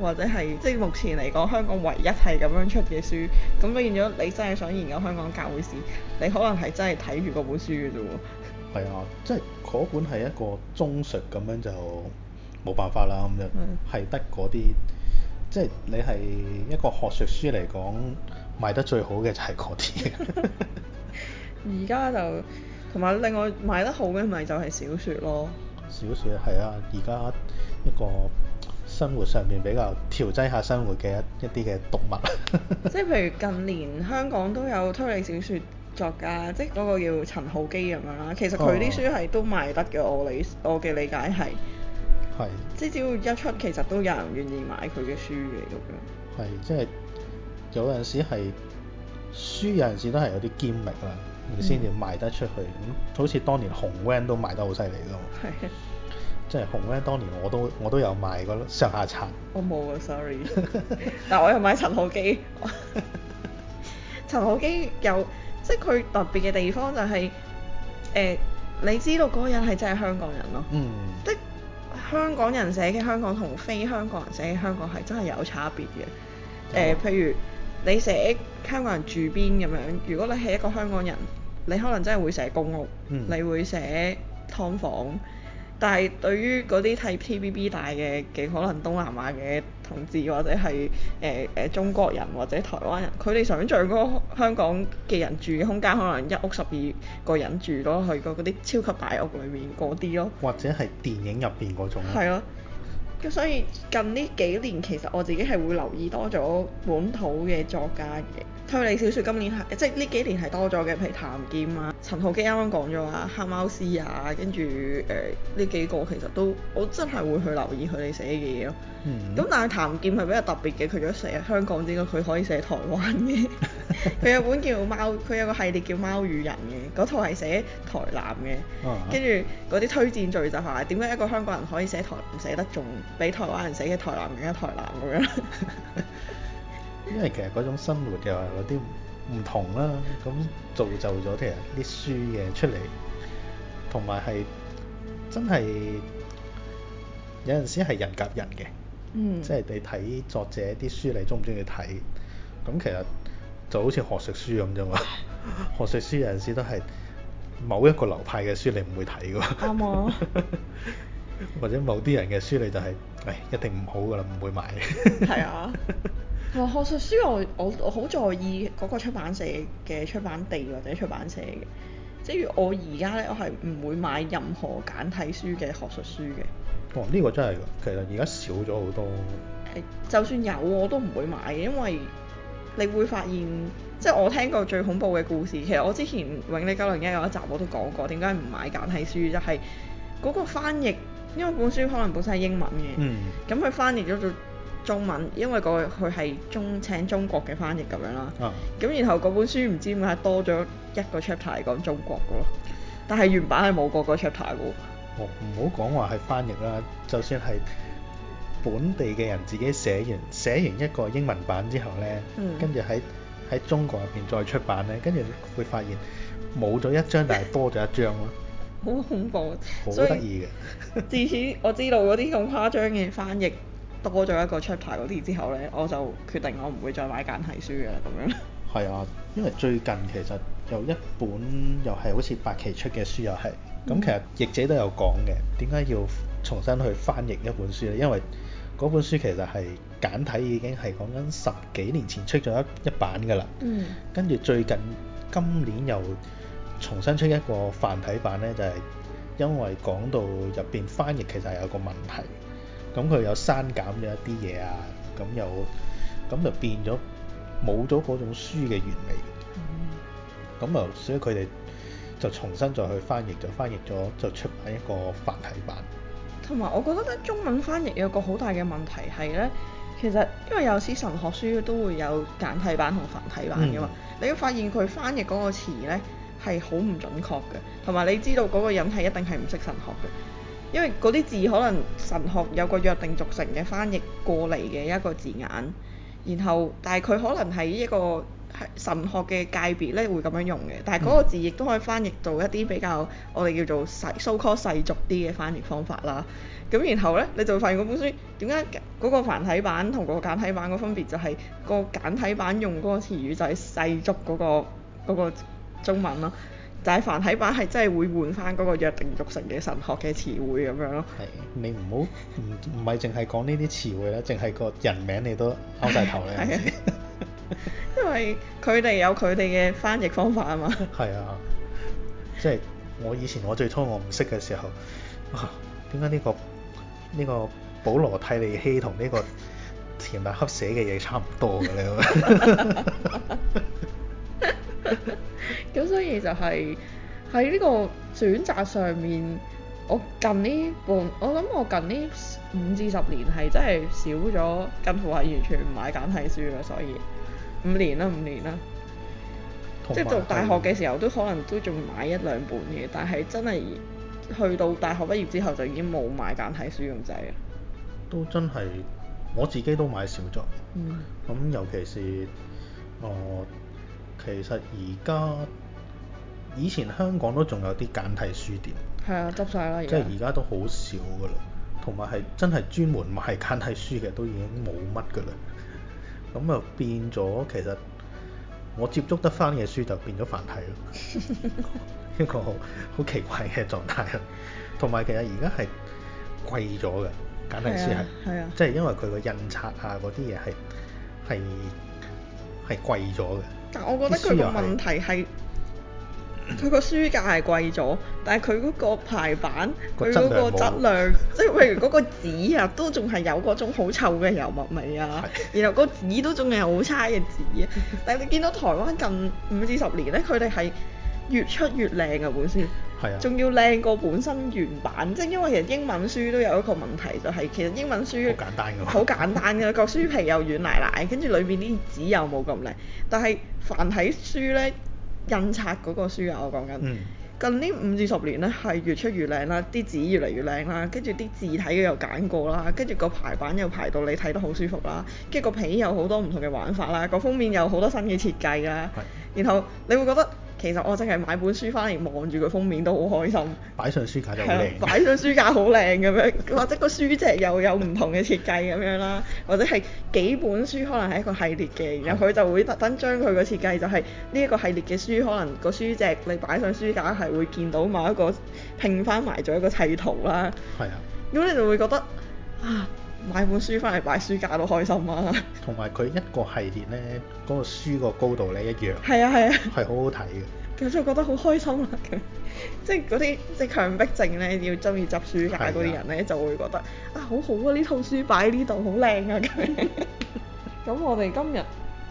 Speaker 1: 或者係即係目前嚟講香港唯一係咁樣出嘅書。咁變咗你真係想研究香港教會史，你可能係真係睇住嗰本書嘅啫
Speaker 2: 喎。係啊，即係嗰本係一個忠實咁樣就冇辦法啦，咁就係得嗰啲。即係你係一個學術書嚟講賣得最好嘅就係嗰啲。
Speaker 1: 而 家 就同埋另外賣得好嘅咪就係小説咯。
Speaker 2: 小説係啊，而家一個生活上面比較調劑下生活嘅一啲嘅讀物。
Speaker 1: 即係譬如近年香港都有推理小説作家，即係嗰個叫陳浩基咁樣啦。其實佢啲書係都賣得嘅，我理我嘅理解係。係，是即只要一出，其實都有人願意買佢嘅書嚟咁樣。
Speaker 2: 係，即係有陣時係書，有陣時都係有啲堅力啦，先至、嗯、賣得出去。咁好似當年紅 van 都賣得好犀利咯。係是。即係紅 van，當年我都我都有買過上下冊。
Speaker 1: 我冇啊，sorry。 但係我有買陳浩基。 陳浩基有，即係佢特別嘅地方就係、是，誒、呃，你知道嗰個人係真係香港人咯。嗯。即香港人寫嘅香港同非香港人寫嘅香港係真係有差別嘅。誒、oh. 呃，譬如你寫香港人住邊咁樣，如果你係一個香港人，你可能真係會寫公屋，mm. 你會寫劏房。但係對於嗰啲睇 T V B 大嘅嘅可能東南亞嘅同志或者係誒誒中國人或者台灣人，佢哋想像嗰香港嘅人住嘅空間，可能一屋十二個人住咯，去過嗰啲
Speaker 2: 超級大屋裏面嗰啲咯，或者係電影入邊嗰種。
Speaker 1: 係咯、啊，咁所以近呢幾年其實我自己係會留意多咗本土嘅作家嘅。推理小說今年係即係呢幾年係多咗嘅，譬如譚劍啊、陳浩基啱啱講咗啊、黑貓師啊，跟住誒呢幾個其實都我真係會去留意佢哋寫嘅嘢咯。咁、嗯、但係譚劍係比較特別嘅，佢除咗寫香港之外，佢可以寫台灣嘅。佢 有本叫《貓》，佢有個系列叫《貓語人》嘅，嗰套係寫台南嘅。跟住嗰啲推薦序就係點解一個香港人可以寫台唔寫得，仲比台灣人寫嘅台南更加台南咁樣。
Speaker 2: 因為其實嗰種生活又有啲唔同啦，咁造就咗啲人啲書嘅出嚟，同埋係真係有陣時係人夾人嘅，即係你睇作者啲書你懂懂，你中唔中意睇？咁其實就好似學術書咁啫嘛，學術書有陣時都係某一個流派嘅書你，你唔會睇嘅。啱喎。或者某啲人嘅書，你就係、是、誒一定唔好嘅啦，唔會買。係、嗯、
Speaker 1: 啊。係學術書，我我我好在意嗰個出版社嘅出版地或者出版社嘅，即係我而家咧，我係唔會買任何簡體書嘅學術書嘅。
Speaker 2: 哦，呢、這個真係其實而家少咗好多。
Speaker 1: 就算有我都唔會買嘅，因為你會發現即係我聽過最恐怖嘅故事，其實我之前永利九零一有一集我都講過，點解唔買簡體書就係、是、嗰個翻譯，因為本書可能本身係英文嘅，咁佢、嗯、翻譯咗做。中文，因為個佢係中請中國嘅翻譯咁樣啦，咁、嗯、然後嗰本書唔知點解多咗一個 chapter 係講中國嘅咯，但係原版係冇嗰個 chapter 嘅
Speaker 2: 喎。哦，唔好講話係翻譯啦，就算係本地嘅人自己寫完寫完一個英文版之後呢，跟住喺喺中國入邊再出版呢，跟住會發現冇咗一張， 但係多咗一張咯。
Speaker 1: 好 恐怖啊！好得意嘅。至此我知道嗰啲咁誇張嘅翻譯。讀咗一個出牌嗰啲之後呢，我就決定我唔會再買簡體書嘅咁樣。
Speaker 2: 係 啊，因為最近其實有一本又係好似白期出嘅書又係，咁、嗯、其實譯者都有講嘅，點解要重新去翻譯一本書咧？因為嗰本書其實係簡體已經係講緊十幾年前出咗一一版㗎啦。嗯。跟住最近今年又重新出一個繁體版呢，就係、是、因為講到入邊翻譯其實係有個問題。咁佢有刪減咗一啲嘢啊，咁又咁就變咗冇咗嗰種書嘅原理。咁啊、嗯，所以佢哋就重新再去翻譯，就翻譯咗，就出版一個繁體版。
Speaker 1: 同埋我覺得中文翻譯有個好大嘅問題係咧，其實因為有時神學書都會有簡體版同繁體版噶嘛，嗯、你會發現佢翻譯嗰個詞咧係好唔準確嘅，同埋你知道嗰個人係一定係唔識神學嘅。因為嗰啲字可能神學有個約定俗成嘅翻譯過嚟嘅一個字眼，然後但係佢可能係一個係神學嘅界別咧會咁樣用嘅，但係嗰個字亦都可以翻譯到一啲比較、嗯、我哋叫做、so、called 世俗啲嘅翻譯方法啦。咁然後咧你就會發現嗰本書點解嗰個繁體版同個簡體版個分別就係個簡體版用嗰個詞語就係世俗嗰、嗰個嗰個中文咯。但係繁體版係真係會換返
Speaker 2: 嗰個約定俗成嘅神學嘅詞彙咁樣咯。係，你唔好唔唔係淨係講呢啲詞彙啦，淨係個人名你都拗大頭咧。係
Speaker 1: 啊 對， 因為佢哋有佢哋嘅翻譯方法啊嘛。
Speaker 2: 係啊，即係我以前我最初我唔識嘅時候，點解呢個呢個保羅替利希同呢個田立克寫嘅嘢差唔多嘅咧？
Speaker 1: 咁 所以就係喺呢個選擇上面，我近呢半，我諗我近呢五至十年係真係少咗，近乎係完全唔買簡體書嘅，所以五年啦，五年啦，有即係讀大學嘅時候都可能都仲買一兩本嘅，但係真係去到大學畢業之後就已經冇買簡體書咁滯啦。
Speaker 2: 都真係我自己都買少咗，咁、嗯、尤其是誒。呃其實而家以前香港都仲有啲簡體書店，
Speaker 1: 係啊，執晒啦，而即係而
Speaker 2: 家都好少㗎啦。同埋係真係專門賣簡體書嘅都已經冇乜㗎啦。咁啊變咗，其實我接觸得翻嘅書就變咗繁體咯，一個好奇怪嘅狀態啊。同埋其實而家係貴咗嘅。簡體書係，係啊，啊即係因為佢個印刷啊嗰啲嘢係係係貴咗嘅。但我覺得佢個問題係，佢個書
Speaker 1: 價是係貴咗，但係佢嗰個排版，佢嗰個質量,質量，即係譬如嗰個紙啊， 都仲係有嗰種好臭嘅油墨味啊，的然後嗰紙都仲係好差嘅紙， 但係你見到台灣近五至十年咧，佢哋係越出越靚嘅本書。仲要靚過本身原版，即係因為其實英文書都有一個問題，就係、是、其實英文書簡單 好簡單㗎，個書皮又軟腍腍，跟住裏面啲紙又冇咁靚。但係繁體書呢，印刷嗰個書啊，我講緊、嗯、近呢五至十年呢，係越出越靚啦，啲紙越嚟越靚啦，跟住啲字體又揀過啦，跟住個排版又排到你睇得好舒服啦，跟住個皮有好多唔同嘅玩法啦，個封面有好多新嘅設計啦，是然後你會覺得。其實我即係買本書翻嚟望住佢封面都好開心，
Speaker 2: 擺上書架就好靚。
Speaker 1: 擺上書架好靚咁樣， 或者個書脊又有唔同嘅設計咁樣啦， 或者係幾本書可能係一個系列嘅，然後佢就會特登將佢個設計就係呢一個系列嘅書可能個書脊你擺上書架係會見到某一個拼翻埋咗一個砌圖啦。係啊，咁你就會覺得啊。買本書翻嚟擺書架都開心啊！
Speaker 2: 同埋佢一個系列呢，嗰、那個書個高度呢一樣。係啊係啊，係好好睇嘅。咁之後覺得好
Speaker 1: 開心啦，咁即係嗰啲即係強迫症呢，要鍾意執書架嗰啲、 啊、人呢，就會覺得啊、哎、好好啊！呢套書擺喺呢度好靚啊咁咁。 我哋今日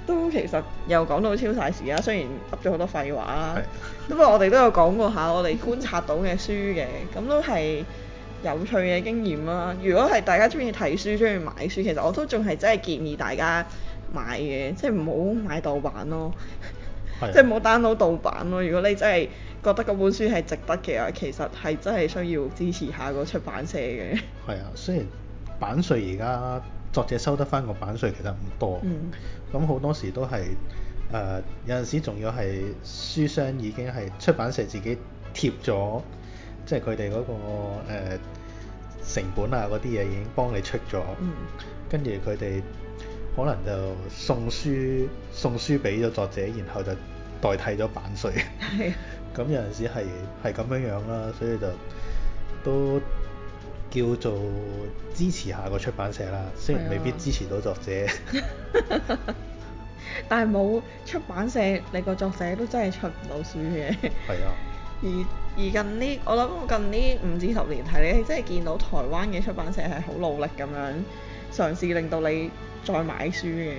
Speaker 1: 都其實又講到超晒時間，雖然噏咗好多廢話，不過的我哋都有講過下我哋觀察到嘅書嘅，咁都係。有趣嘅經驗啦、啊！如果係大家中意睇書、中意買書，其實我都仲係真係建議大家買嘅，即係唔好買盜版咯，
Speaker 2: 的 即係唔好
Speaker 1: download 盜版咯。如果你真係覺得嗰本書係值得嘅啊，其實
Speaker 2: 係真係需要支持下個出版社嘅。係啊，雖然版稅而家作者收得翻個版稅其實唔多，咁好、嗯、多時都係誒、呃、有陣時仲要係書商已經係出版社自己貼咗，即係佢哋嗰個、呃成本啊嗰啲嘢已經幫你出咗，嗯，跟住佢哋可能就送書，送書俾咗作者，然後就代替咗版稅。係啊。咁 有陣時係，係咁樣樣啦，所以就都叫做支持下個出版社啦，啊、雖然未必支持到作者。
Speaker 1: 但係冇出版社，你個作者都真係出唔到書嘅。係啊。而近呢，我諗我近呢五至十年睇你真係見到台灣嘅出版社係好努力咁樣嘗試令到你再買書嘅，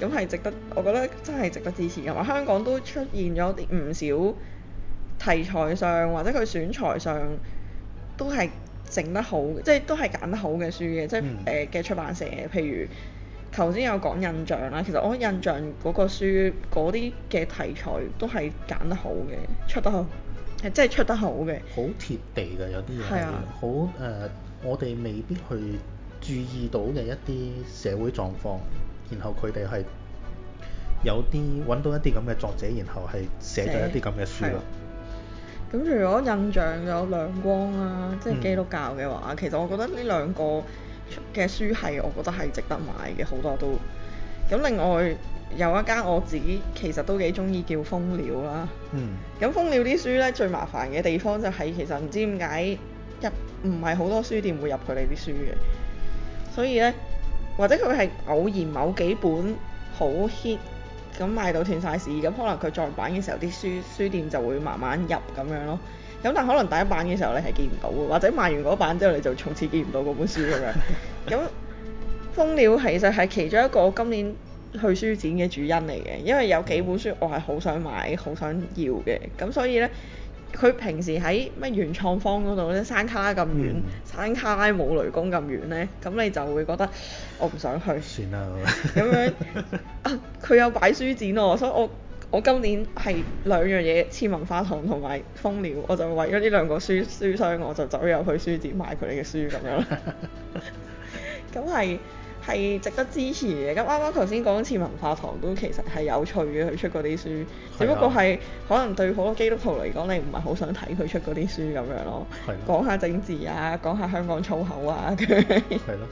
Speaker 1: 咁係值得，我覺得真係值得支持嘅。同香港都出現咗啲唔少題材上或者佢選材上都係整得好，即係都係揀得好嘅書嘅，嗯、即係誒嘅出版社。譬如頭先有講印象啦，其實我印象嗰個書嗰啲
Speaker 2: 嘅題材都係揀得好
Speaker 1: 嘅，出得好。即係出得好嘅，
Speaker 2: 好貼地嘅有啲嘢，好誒、啊呃，我哋未必去注意到嘅一啲社會狀況，然後佢哋係有啲揾到一啲咁嘅作者，然後係寫咗一啲咁嘅書咯。
Speaker 1: 咁、啊、如果印象有亮光啊，即係基督教嘅話，嗯、其實我覺得呢兩個嘅書係我覺得係值得買嘅，好多都。咁另外。有一間我自己其實都幾中意叫《蜂鳥》啦。嗯。咁《蜂鳥》啲書呢，最麻煩嘅地方就係其實唔知點解，入唔係好多書店會入佢哋啲書嘅，所以呢，或者佢係偶然某幾本好 hit，咁賣到斷晒市，咁可能佢再版嘅時候啲書書店就會慢慢入咁樣咯。咁但可能第一版嘅時候你係見唔到嘅，或者賣完嗰版之後你就從此見唔到嗰本書咁樣。咁《蜂鳥》其實係其中一個今年去書展嘅主因嚟嘅，因為有幾本書我係好想買、好想要嘅，咁所以呢，佢平時喺咩原創坊嗰度咧，山卡、嗯、卡拉咁遠，山卡拉冇雷公咁遠呢。咁你就會覺得我唔想去。算啦了，咁樣佢、 啊、有擺書展喎、喔，所以我我今年係兩樣嘢，次文化堂同埋蜂鳥，我就為咗呢兩個書書商，我就走入去書展買佢哋嘅書咁樣啦。咁 係。係值得支持嘅，咁啱啱頭先講次文化堂都其實係有趣嘅，佢出嗰啲書，啊、只不過係可能對好多基督徒嚟講，你唔係好想睇佢出嗰啲書咁樣咯。係咯。啊、講下政治啊，講下香港粗口啊，佢係咯。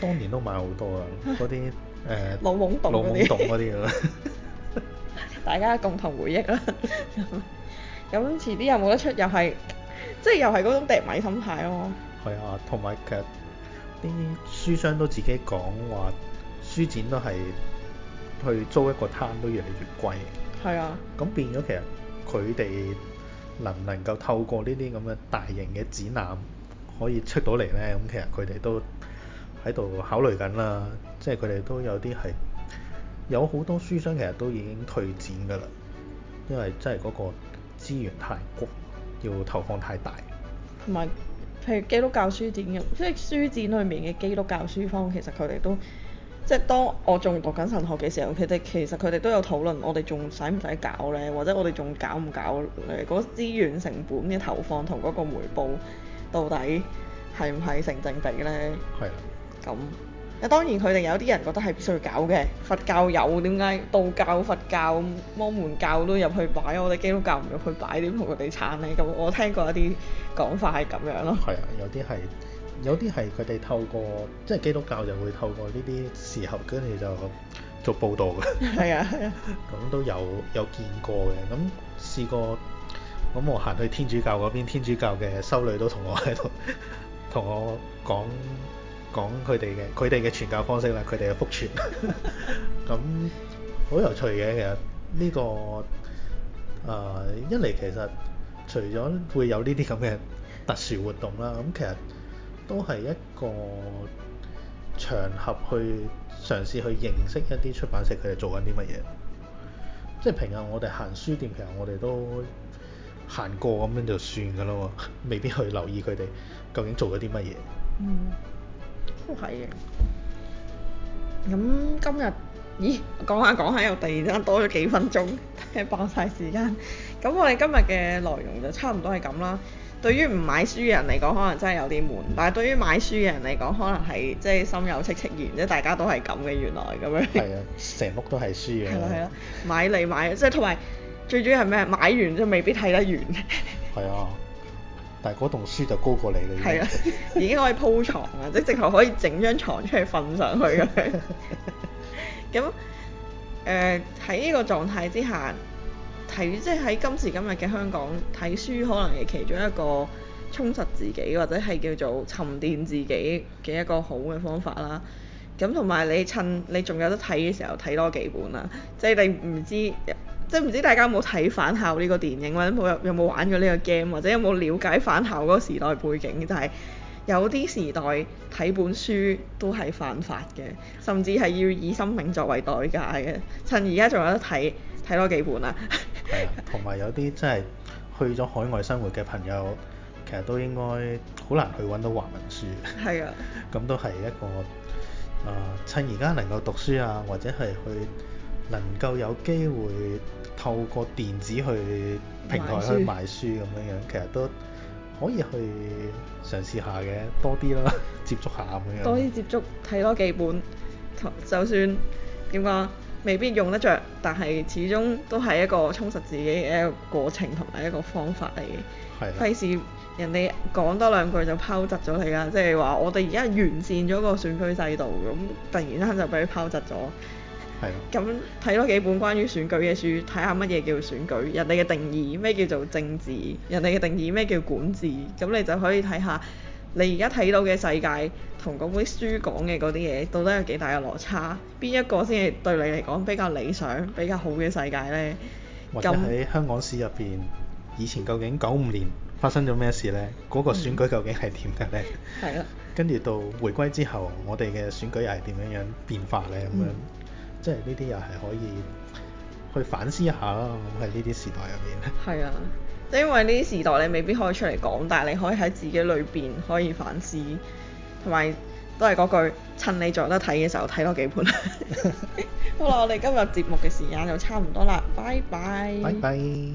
Speaker 2: 當年都買好多啊，嗰啲誒老懵董，啲。老懵董嗰啲咯。
Speaker 1: 大家共同回憶啦。咁遲啲有冇得出又係，即係又係嗰種掟米心態咯。
Speaker 2: 係啊，同埋其實。啲書商都自己講話，書展都係去租一個攤都越嚟越貴。係啊，咁變咗其實佢哋能唔能夠透過呢啲咁嘅大型嘅展覽可以出到嚟咧？咁其實佢哋都喺度考慮緊啦。即係佢哋都有啲係有好多書商其實都已經退展㗎啦，因為真係嗰個資源太過要投放太大，
Speaker 1: 同埋。譬如基督教書展咁，即係書展裏面嘅基督教書坊，其實佢哋都即係當我仲讀緊神學嘅時候，佢哋其實佢哋都有討論我哋仲使唔使搞呢？或者我哋仲搞唔搞，誒嗰資源成本嘅投放同嗰個回報到底係唔係成正比呢？係咁的。啊，當然佢哋有啲人覺得係必須搞嘅。佛教有點解道教、佛教、摩門教都入去擺，我哋基督教唔入去擺點同佢哋撐咧？咁我聽過一啲
Speaker 2: 講法係咁樣咯。係啊，有啲係，有啲係佢哋透過即係基督教就會透過呢啲時候，跟住就做報道嘅。係 啊，咁、啊、都有有見過嘅。咁試過咁我行去天主教嗰邊，天主教嘅修女都同我喺度同我講。 講佢哋嘅佢哋嘅傳教方式啦，佢哋嘅福傳，咁 好有趣嘅。其實呢、呢個誒、呃、一嚟其實除咗會有呢啲咁嘅特殊活動啦，咁其實都係一個場合去嘗試去認識一啲出版社佢哋做緊啲乜嘢。即係平日我哋行書店，其實我哋都行過咁樣就算㗎啦，喎，未必去留意佢哋究竟做咗啲乜嘢。嗯。
Speaker 1: 都係嘅。咁、嗯、今日，咦，講下講下又突然間多咗幾分鐘，爆 晒時間。咁我哋今日嘅內容就差唔多係咁啦。對於唔買書嘅人嚟講，可能真係有啲悶，嗯、但係對於買書嘅人嚟講，可能係即係心有戚戚然，即係大家都係咁嘅，原來咁樣。係
Speaker 2: 啊，成屋都係書嘅。係啦係啦，
Speaker 1: 啊、買嚟買，即係同埋最主要係咩？買完都未必睇得完。
Speaker 2: 係 啊。但係嗰棟書就高過你
Speaker 1: 咧，已經的 可以鋪床，啊， 即係直頭可以整張床出去瞓上去咁樣。咁誒喺呢個狀態之下，睇即係喺今時今日嘅香港睇書，可能係其中一個充實自己或者係叫做沉澱自己嘅一個好嘅方法啦。咁同埋你趁你仲有得睇嘅時候睇多幾本啦，即係你唔知。即係唔知大家有冇睇《返校》呢、這個電影，或者冇有冇玩過呢個 game，或者有冇了解《返校》嗰個時代背景？就係、是、有啲時代睇本書都係犯法嘅，甚至係要以生命作為代價嘅。趁而家仲有得睇，睇多
Speaker 2: 幾本啦。同 埋、啊、有啲真係去咗海外生活嘅朋友，其實都應該好難去揾到華文書。係啊。咁 都係一個啊、呃，趁而家能夠讀書啊，或者係去能夠有機會。透過電子去平台去賣書咁樣書樣，其實都可以去嘗試下嘅，多啲啦，接觸下咁樣。多啲
Speaker 1: 接觸，睇多幾本，就算點講，未必用得着，但係始終都係一個充實自己嘅一個過程同埋一個方法嚟嘅。係的。費事人哋講多兩句就拋窒咗你啦，即係話我哋而家完善咗個選舉制度，咁突然間就俾佢拋窒咗。係咁睇多幾本關於選舉嘅書，睇下乜嘢叫選舉，人哋嘅定義咩叫做政治，人哋嘅定義咩叫管治，咁你就可以睇下你而家睇到嘅世界同嗰本書講嘅嗰啲嘢到底有幾大嘅落差，邊一個先係對你嚟講比較理想、比較好嘅世界呢？
Speaker 2: 咁喺香港史入邊，以前究竟九五年發生咗咩事呢？嗰、那個選舉究竟係點嘅呢？係啦、嗯， 的跟住到回歸之後，我哋嘅選舉又係點樣樣變化呢？咁樣、嗯。即係呢啲又係可以去反思一下啦，喺呢啲時代入面。係啊，
Speaker 1: 即因為呢啲時代你未必可以出嚟講，但係你可以喺自己裏邊可以反思，同埋都係嗰句，趁你仲有得睇嘅時候睇多幾本。 好啦，我哋今日節目嘅時間就差唔多啦，拜拜 bye。拜拜。